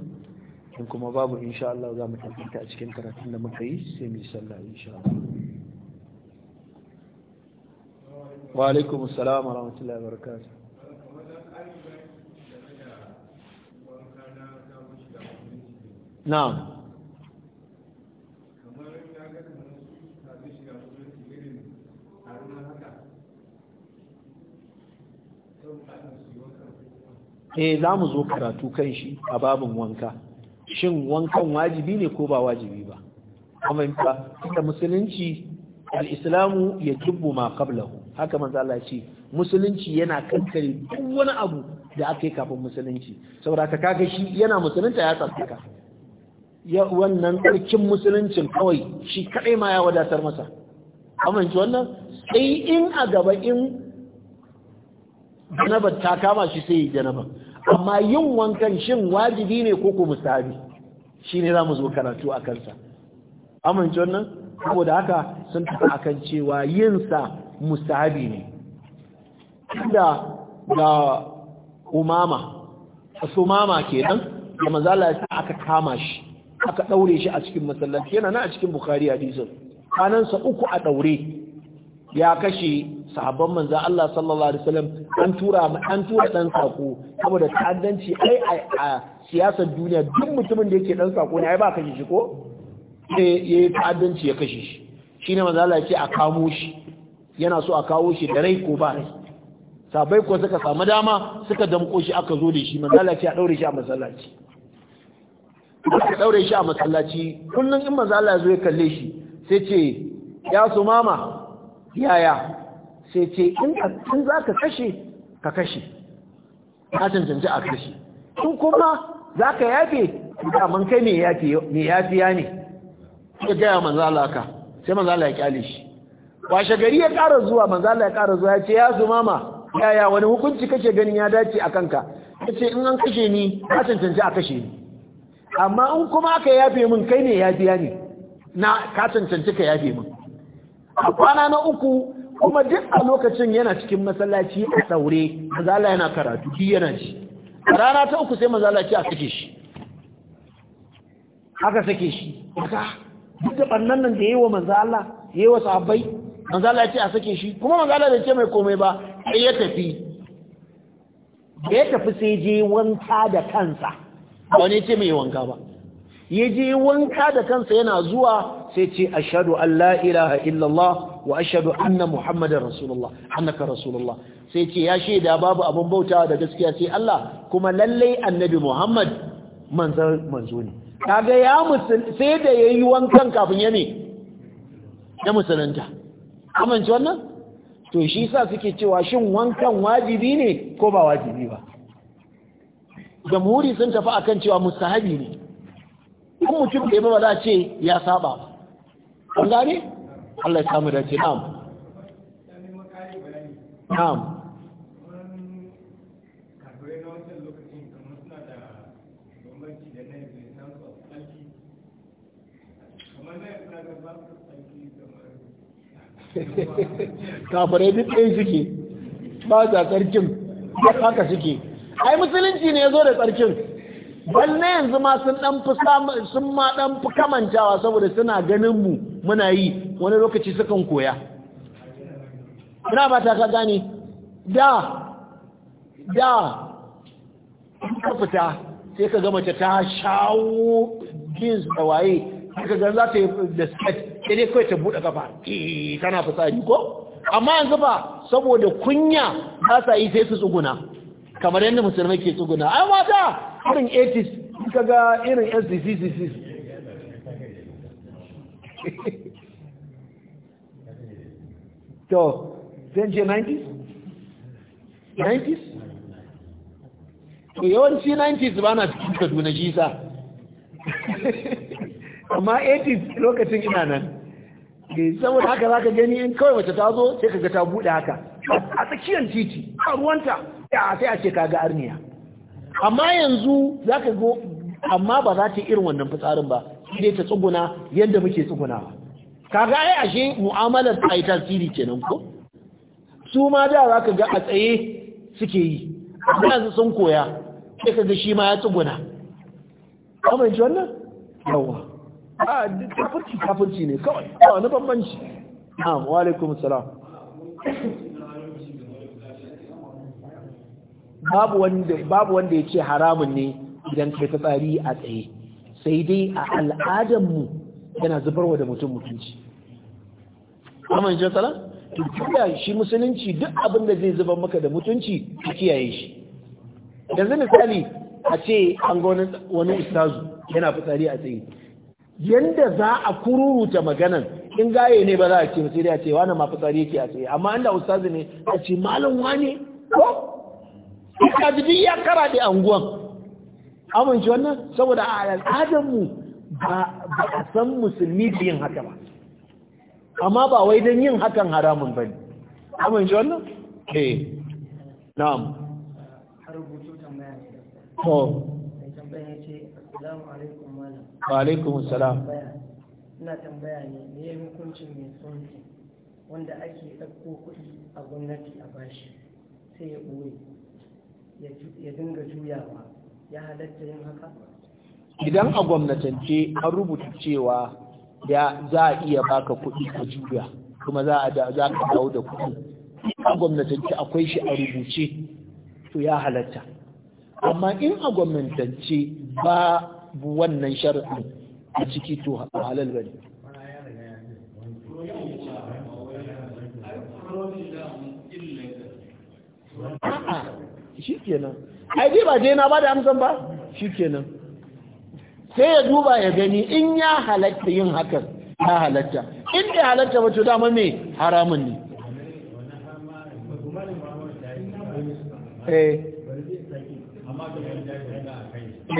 in kuma babu insha Allah za mu tabbata a cikin karatun da muka yi
sai mu yi sallah insha Allah wa alaikum assalam wa rahmatullahi wa barakatuh
na'am eh za mu zo karatu kan shi a babin wanka shin wankan wajibi ne ko ba wajibi ba kuma da musulunci al-islamu ya ma qablahu haka manzo Allah ce musulunci yana kankare duk wani abu da aka yi kafin musulunci saboda ka kaga shi yana musulunta ya tsaka ya wannan ɗarkin musuluncin kawai shi kaɗai ma ya wadatar masa amince wannan sai in a gaba in janabar ta kama shi sai yi janabar amma yin wankan shin wajibi ne ko ko musabi shi ne za mu zo karatu a kansa amince wannan saboda haka sun tafi kan cewa yinsa musabi ne da ga umama sumama kenan da manzala ya aka kama shi aka ɗaure shi a cikin masallaci yana na a cikin bukari hadisin kanansa uku a ɗaure ya kashe sahabban manza Allah sallallahu alaihi wasallam an tura an tura dan sako saboda ta'addanci ai a siyasar duniya duk mutumin da yake dan sako ne ai ba kashe shi ko eh yayi ta'addanci ya kashe shi shine Allah a kawo shi yana so a kawo shi da rai ko ba rai sabai ko suka samu dama suka damko shi aka zo da shi manzo Allah a ɗaure shi a masallaci suka daure shi a masallaci kullum in manzo Allah ya zo ya kalle shi sai ce ya su mama yaya sai ce in za zaka kashe ka kashe ka cancanci a kashe in kuma zaka yafe da man kai me yafe yafiya ne ya ga manzo Allah ka sai manzo Allah ya kyale shi washe gari ya ƙara zuwa manzo Allah ya ƙara zuwa ya ce ya su mama yaya wani hukunci kake ganin ya dace a kanka yace in an kashe ni ka cancanci a kashe ni amma in kuma aka yafe min kai ne ya biya ne na ka cancanci ka yafe min a kwana na uku kuma duk a lokacin yana cikin masallaci a saure mazala yana karatu shi yana ci a rana ta uku sai mazala ci a sake shi aka sake shi aka duk da ɓannan nan da ya yi wa mazala ya yi wa sabai mazala ce a sake shi kuma mazala da ce mai komai ba sai ya tafi ya tafi sai je wanka da kansa wani ce mai wanka ba ya je wanka da kansa yana zuwa sai ce ashadu an ilaha illallah wa ashadu anna muhammadin rasulullah annaka rasulullah sai ce ya shaida babu abin bautawa da gaskiya sai Allah kuma lallai annabi muhammad manzo ne kaga ya musul sai da yayi wankan kafin ya ne musulunta amince wannan to shi sa suke cewa shin wankan wajibi ne ko ba wajibi ba jamhuri sun tafi akan cewa mustahabi ne in mutum bai ba za ce ya saba ba an gane Allah ya samu dace na'am na'am
kafirai duk
ɗaya suke ba za sa tsarkin haka suke ai musulunci ne ya zo da tsarkin balle yanzu ma sun dan fi sun ma dan fi kamantawa saboda suna ganin mu muna yi wani lokaci sukan koya ina ba ta ka gane da da ka fita sai ka ga mace ta shawo jeans da waye ka ga za ta yi da skirt sai dai kawai ta buɗe kafa eh kana fitsari ko amma yanzu ba saboda kunya za sa yi sai su tsuguna kamar yadda musulmai ke tsuguna ai mata irin 80s ka ga irin sdcc to zan je 90s 90s to yawanci 90s ba na cikin kaduna jisa amma 80s lokacin ina nan eh, saboda haka za ka gani in kawai mace ta zo sai ka ga ta bude haka a tsakiyar titi a ruwanta a sai a ce kaga arniya amma yanzu za ka go amma ba za ta irin wannan fitsarin ba sai ta tsuguna yadda muke tsugunawa kaga ai ashe mu'amalar ta yi tasiri kenan ko su ma da za ka ga a tsaye suke yi su sun koya sai ka ga shi ma ya tsuguna kamar ji wannan yawa a kafirci kafirci ne kawai kawai na bambanci na wa salam babu wanda ya ce haramun ne idan kai tsari a tsaye sai dai a al'adar mu yana zubarwa da mutum mutunci amma jin sala to kiyaye shi musulunci duk abin da zai zubar maka da mutunci ka kiyaye shi yanzu misali a ce an ga wani ustazu yana fitsari a tsaye yanda za a kururuta maganan in gaye ne ba za a ce sai dai a ce wani ma fitsari yake a tsaye amma inda ustazu ne a ce malam wane kaji duk ya kara da anguwan amince wannan saboda a al'adarmu ba a san musulmi da yin haka ba amma ba wai don yin hakan haramun ba ne amince wannan? eh na'am
to wa alaikum salam ina tambaya ne me ya hukuncin mai tsohon wanda ake ɗauko kuɗi a gwamnati a bashi sai ya ɓoye ya dinga juyawa ya halatta yin haka
idan a gwamnatance an rubuta cewa ya za a iya baka kuɗi ka juya kuma za a za ka dawo da kuɗi a gwamnatance akwai shi a rubuce to ya halatta amma in a gwamnatance ba wannan sharaɗin a ciki to halal bane
a'a
shi kenan ai ba je na ba da amsan ba shi kenan sai ya duba ya gani in ya halatta yin hakan ya halatta in ya halatta ba to dama me haramun ne
eh eh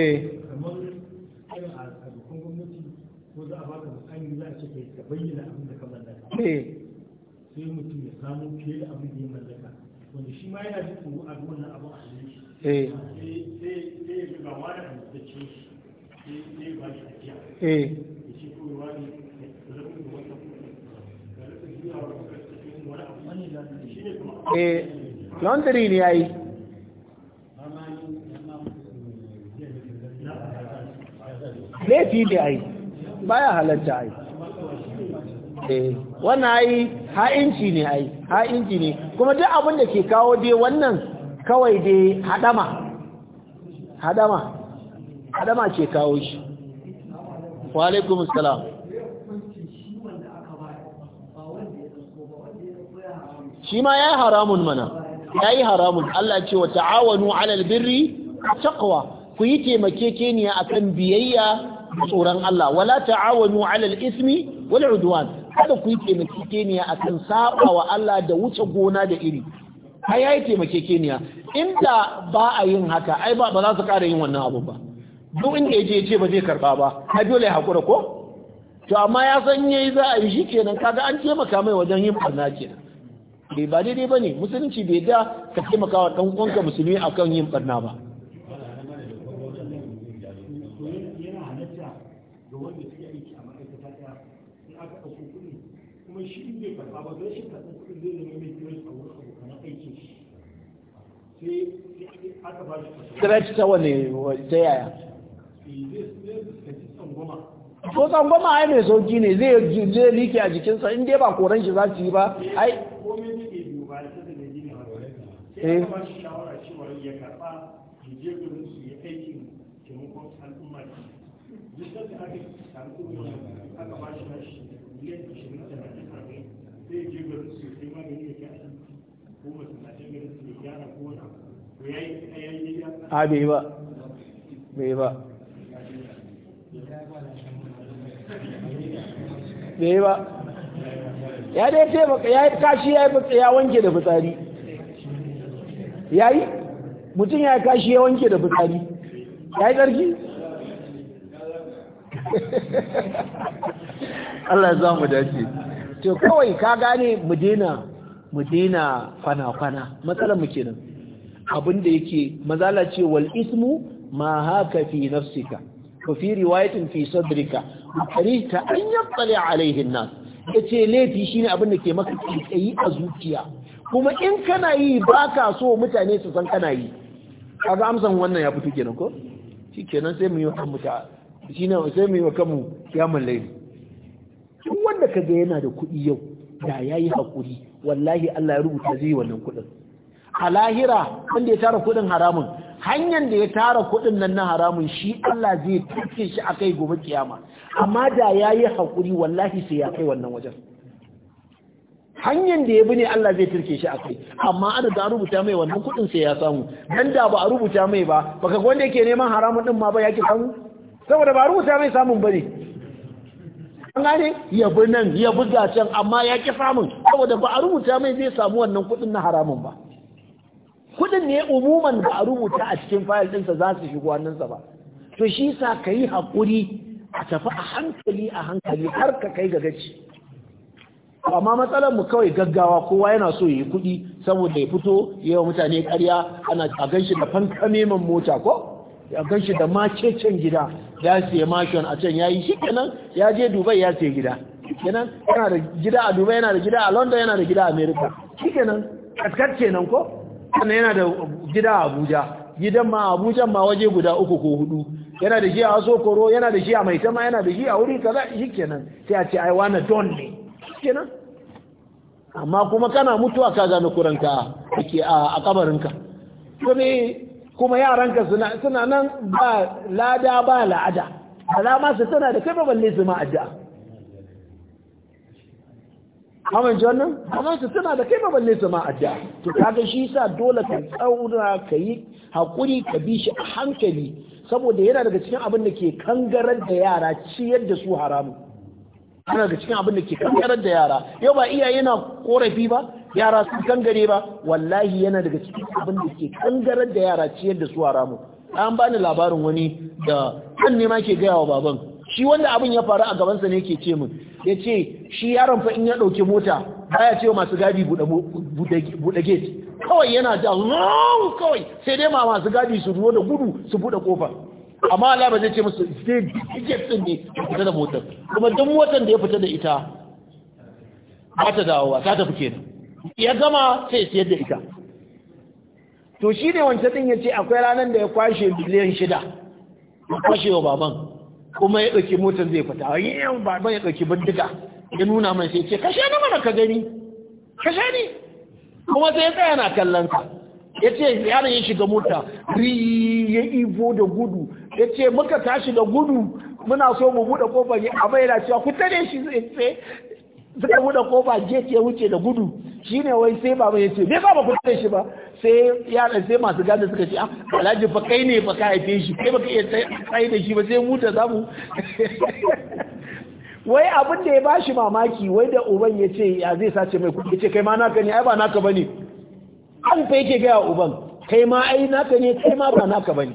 Eh. Eh. Eh. Eh. Eh. Eh. Eh. Eh. Eh. Eh. wanda shi ma yana jin eh. ya wa da ba eh. ya baya halatta ai eh
wannan ai ha'inci ne ai ha'inci ne kuma duk abin da ke kawo dai wannan kawai dai hadama hadama hadama ke kawo shi
wa alaikum assalam shi ma
ya haramun mana ya yi haramun Allah ce wa ta'awanu alal birri taqwa ku yi taimakekeniya akan biyayya tsoron Allah wala ta'awanu alal ismi wal udwan kada ku yi taimakekeniya a kan saba wa Allah da wuce gona da iri ai ya yi taimakekeniya inda ba a yin haka ai ba ba za su ƙara yin wannan abu ba duk inda ya ce ba zai karba ba ai dole ya haƙura ko to amma ya san yayi za a yi shi kenan kaga an taimaka mai wajen yin barna kenan bai eh, ba daidai ba ne musulunci bai da ka taimaka wa ɗan uwanka musulmi akan yin barna ba threat ta wane ta yaya ko tsangwama ai mai sauki ne zai je liki a jikinsa in dai ba koran shi za su yi ba ai
a ah, bai ba bai ba bai ba ya dai taimaka ya yi kashi ya yi ya wanke da fitsari
ya yi mutum ya kashi ya wanke da fitsari ya yi tsarki
Allah
za mu dace to kawai ka gane mu dena mu dena kwana-kwana matsalar mu kenan abin da yake mazala ce wal ismu ma haka fi nafsika ko fi riwayatin fi sadrika ta an yattali alaihi nas yace laifi shine abin da ke maka kai a zuciya kuma in kana yi baka so mutane su san kana yi kaga amsan wannan ya fito kenan ko shikenan sai mu yi wa muta shine sai mu yi wa kanmu ya mallai duk wanda kaga yana da kuɗi yau da yayi hakuri wallahi Allah ya rubuta zai wannan kuɗin a lahira wanda ya tara kudin haramun hanyar da ya tara kudin nan na haramun shi Allah zai tafi shi a kai gobe kiyama amma da ya yi haƙuri wallahi sai ya kai wannan wajen hanyar da ya bi ne Allah zai turke shi a kai amma an da rubuta mai wannan kudin sai ya samu dan da ba a rubuta mai ba baka ga wanda yake neman haramun din ma ba yake samu saboda ba rubuta mai samun bane an gane ya bi nan ya buga can amma yake samun saboda ba a rubuta mai zai samu wannan kudin na haramun ba Kudin ne umuman ba a rubuta a cikin fayil ɗinsa za su shigo hannunsa ba to shi sa ka yi haƙuri a tafi a hankali a hankali har ka kai ga gaci amma matsalar mu kawai gaggawa kowa yana so yi kuɗi saboda ya fito yawa mutane ƙarya ana a ganshi da man mota ko a ganshi da macecen gida ya siya mashon a can yayi shi kenan ya je dubai ya siya gida kenan yana da gida a dubai yana da gida a london yana da gida a america shi kenan kaskar kenan ko sannan yana da gida a abuja gidan ma abuja ma waje guda uku ko hudu yana da shi a sokoro yana da shi a maitama yana da shi a wuri kaza shi kenan sai a ce ai wani don ne kenan amma kuma kana mutuwa ka gane kuranka ake a kabarinka kuma kuma yaranka suna nan ba lada ba la'ada alama su tana da kai balle su ma addu'a kamar jannan amma su tana da kai ba balle su ma addu'a to kaga shi sa dole ka tsaura ka yi hakuri ka bi shi a hankali saboda yana daga cikin abin da ke kangarar da yara ciyar da su haramu yana daga cikin abin da ke kangarar da yara yau ba iyaye yana korafi ba yara sun kangare ba wallahi yana daga cikin abin da ke kangarar da yara ciyar da su haramu an bani labarin wani da kan nema ke gaya wa baban shi wanda abin ya faru a gabansa ne ke ce min ya ce shi yaron fa in ya ɗauki mota baya ce masu gadi buɗe gate kawai yana da long kawai sai dai ma masu gadi su ruwa da gudu su buɗe kofa amma ala ba zai ce musu zai gate ne fita da motar kuma duk motar da ya fita da ita ba ta dawowa ta tafi kenan ya gama sai da ita to shi ne wancan ɗin ya ce akwai ranar da ya kwashe miliyan shida ya kwashe wa baban kuma ya ɗauki motar zai fita yin baban ya ɗauki bindiga ya nuna mai sai ce kashe ni mana ka gani kashe ni kuma sai ya tsaya na kallon ka ya ce yaron ya shiga mota ri ya ibo da gudu ya ce muka tashi da gudu muna so mu buɗe kofa ne a bayyana cewa ku tare shi zai tsaye suka buɗe kofa gate ya wuce da gudu shine wai sai baba ya ce me ba ba ku tare shi ba sai yara sai masu gada suka ce ah, alhaji fa kai ne fa ka ta shi kai baka iya tsaye da shi ba sai mu ta mu wai abin da ya bashi mamaki wai da uban ya ce ya zai sace mai kuɗi ya ce kai ma naka ne ai ba naka bane an fa yake gaya uban kai ma ai naka ne kai ma ba naka bane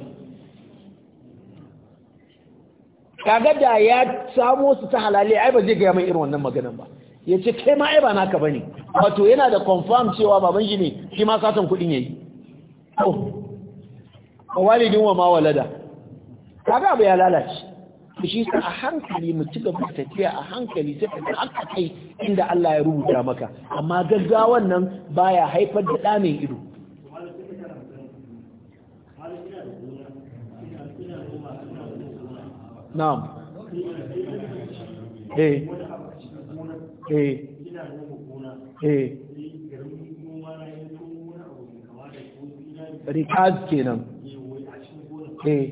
kaga da ya samo su ta halali ai ba zai gaya mai irin wannan maganan ba ya ce kai ma ai ba naka bane wato yana da confirm cewa baban shi ne shi ma satan kudin yayi oh walidin wa ma walada kaga abu ya lalace shi sai a hankali mu ci gaba tafiya a hankali sai ka aka kai inda Allah ya rubuta maka amma gaggawan nan baya haifar da ɗa ido
na'am eh eh Eh. rikaz kenan
eh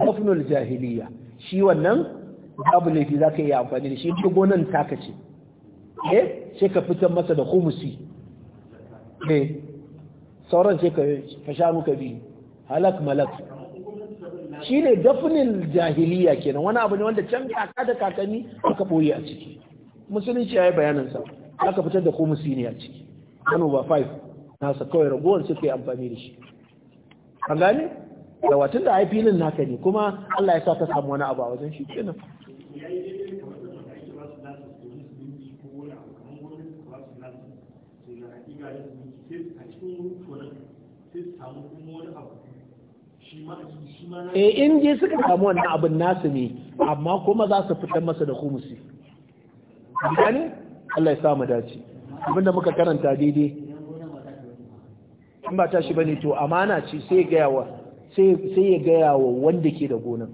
hafnul jahiliya shi wannan babu laifi za ka yi amfani da shi ta gonan taka ce ke eh, sai ka fitar masa da kumusi ke eh. sauran sai ka fasha muka bi halak malak shi ne dafinin jahiliya kenan wani abu ne wanda can kaka da kakanni aka boye a ciki musulunci ya yi bayaninsa aka fitar da kumusi ne a ciki one over five nasa kawai ragowar suka yi amfani da shi an gani da watan da ai filin naka ne kuma Allah ya sa ka samu wani abu a wajen shi nan. e eh, in ji suka samu wannan abin nasu ne amma kuma za su fitar masa da kumusi gane Allah ya samu dace abinda muka karanta daidai in ba tashi bane to amana ce sai gayawa sai ya gaya wa wanda ke da gonan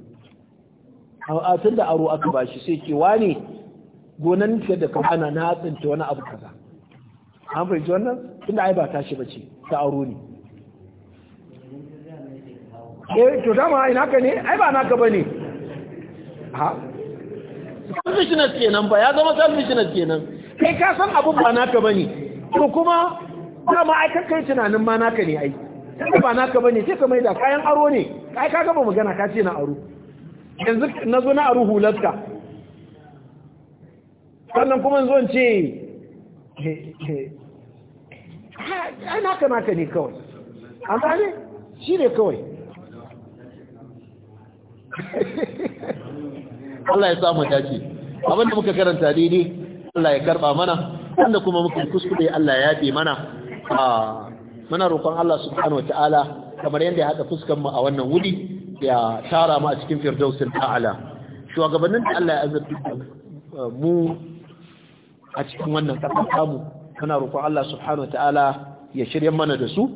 a tun da aro aka bashi sai ke wane gonan ke da kamana na tsinta wani abu kaza an fahimci wannan tun da ai ba tashi bace ta aro ne
eh to dama ina ka ne ai ba naka bane ha selfishness
kenan ba ya zama selfishness kenan kai ka san abun ba naka bane to kuma dama ai kai tunanin ma naka ne ai kai ba naka bane sai ka maida kayan aro ne kai ka gaba magana ka ce na aro yanzu na zo na aro hulaska sannan kuma zo in ce ai naka naka ne kawai amma ne shi ne kawai Allah ya samu dace abin da muka karanta daidai Allah ya karba mana wanda kuma muka kuskure Allah ya yafe mana ah, muna roƙon Allah subhanahu wataala kamar yadda ya haɗa fuskan mu a wannan wuri ya tara mu a cikin firdausin ta'ala shugabannin da Allah ya azurta ah, mu a cikin wannan ƙasar tamu muna roƙon Allah subhanahu wataala ya shirya mana da su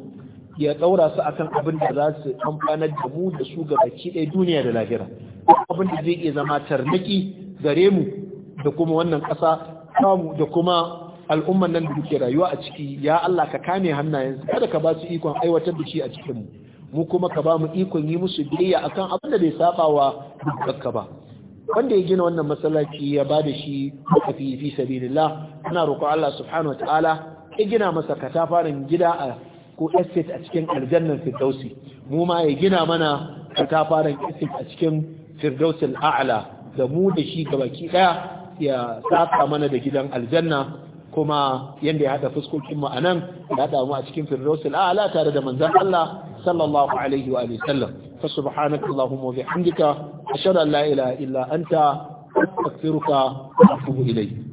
ya ɗaura su akan abin da za su amfanar da mu da su ga baki ɗaya duniya da lahira abin da zai iya zama tarnaki gare mu da kuma wannan ƙasa samu da kuma al'umman nan da muke rayuwa a ciki ya Allah ka kame hannayensu kada ka ba su ikon aiwatar da shi a cikin mu mu kuma ka ba mu ikon yi musu biyayya akan abin da bai saba wa dukkanka ba wanda ya gina wannan masallaci ya ba da shi a fi fi sabilillah ana roƙon Allah subhanahu wataala ya gina masa katafaren gida a ko estate a cikin aljannan firdausi mu ma ya gina mana katafaren estate a cikin firdausil a'la da mu da shi gabaki daya ya saka mana da gidan aljanna kuma yanda ya hada fuskokin mu anan ya hada mu a cikin firdausul a'la tare da manzon Allah sallallahu alaihi wa alihi sallam fa subhanaka allahumma wa bihamdika ashhadu an la ilaha illa anta astaghfiruka wa
atubu ilayk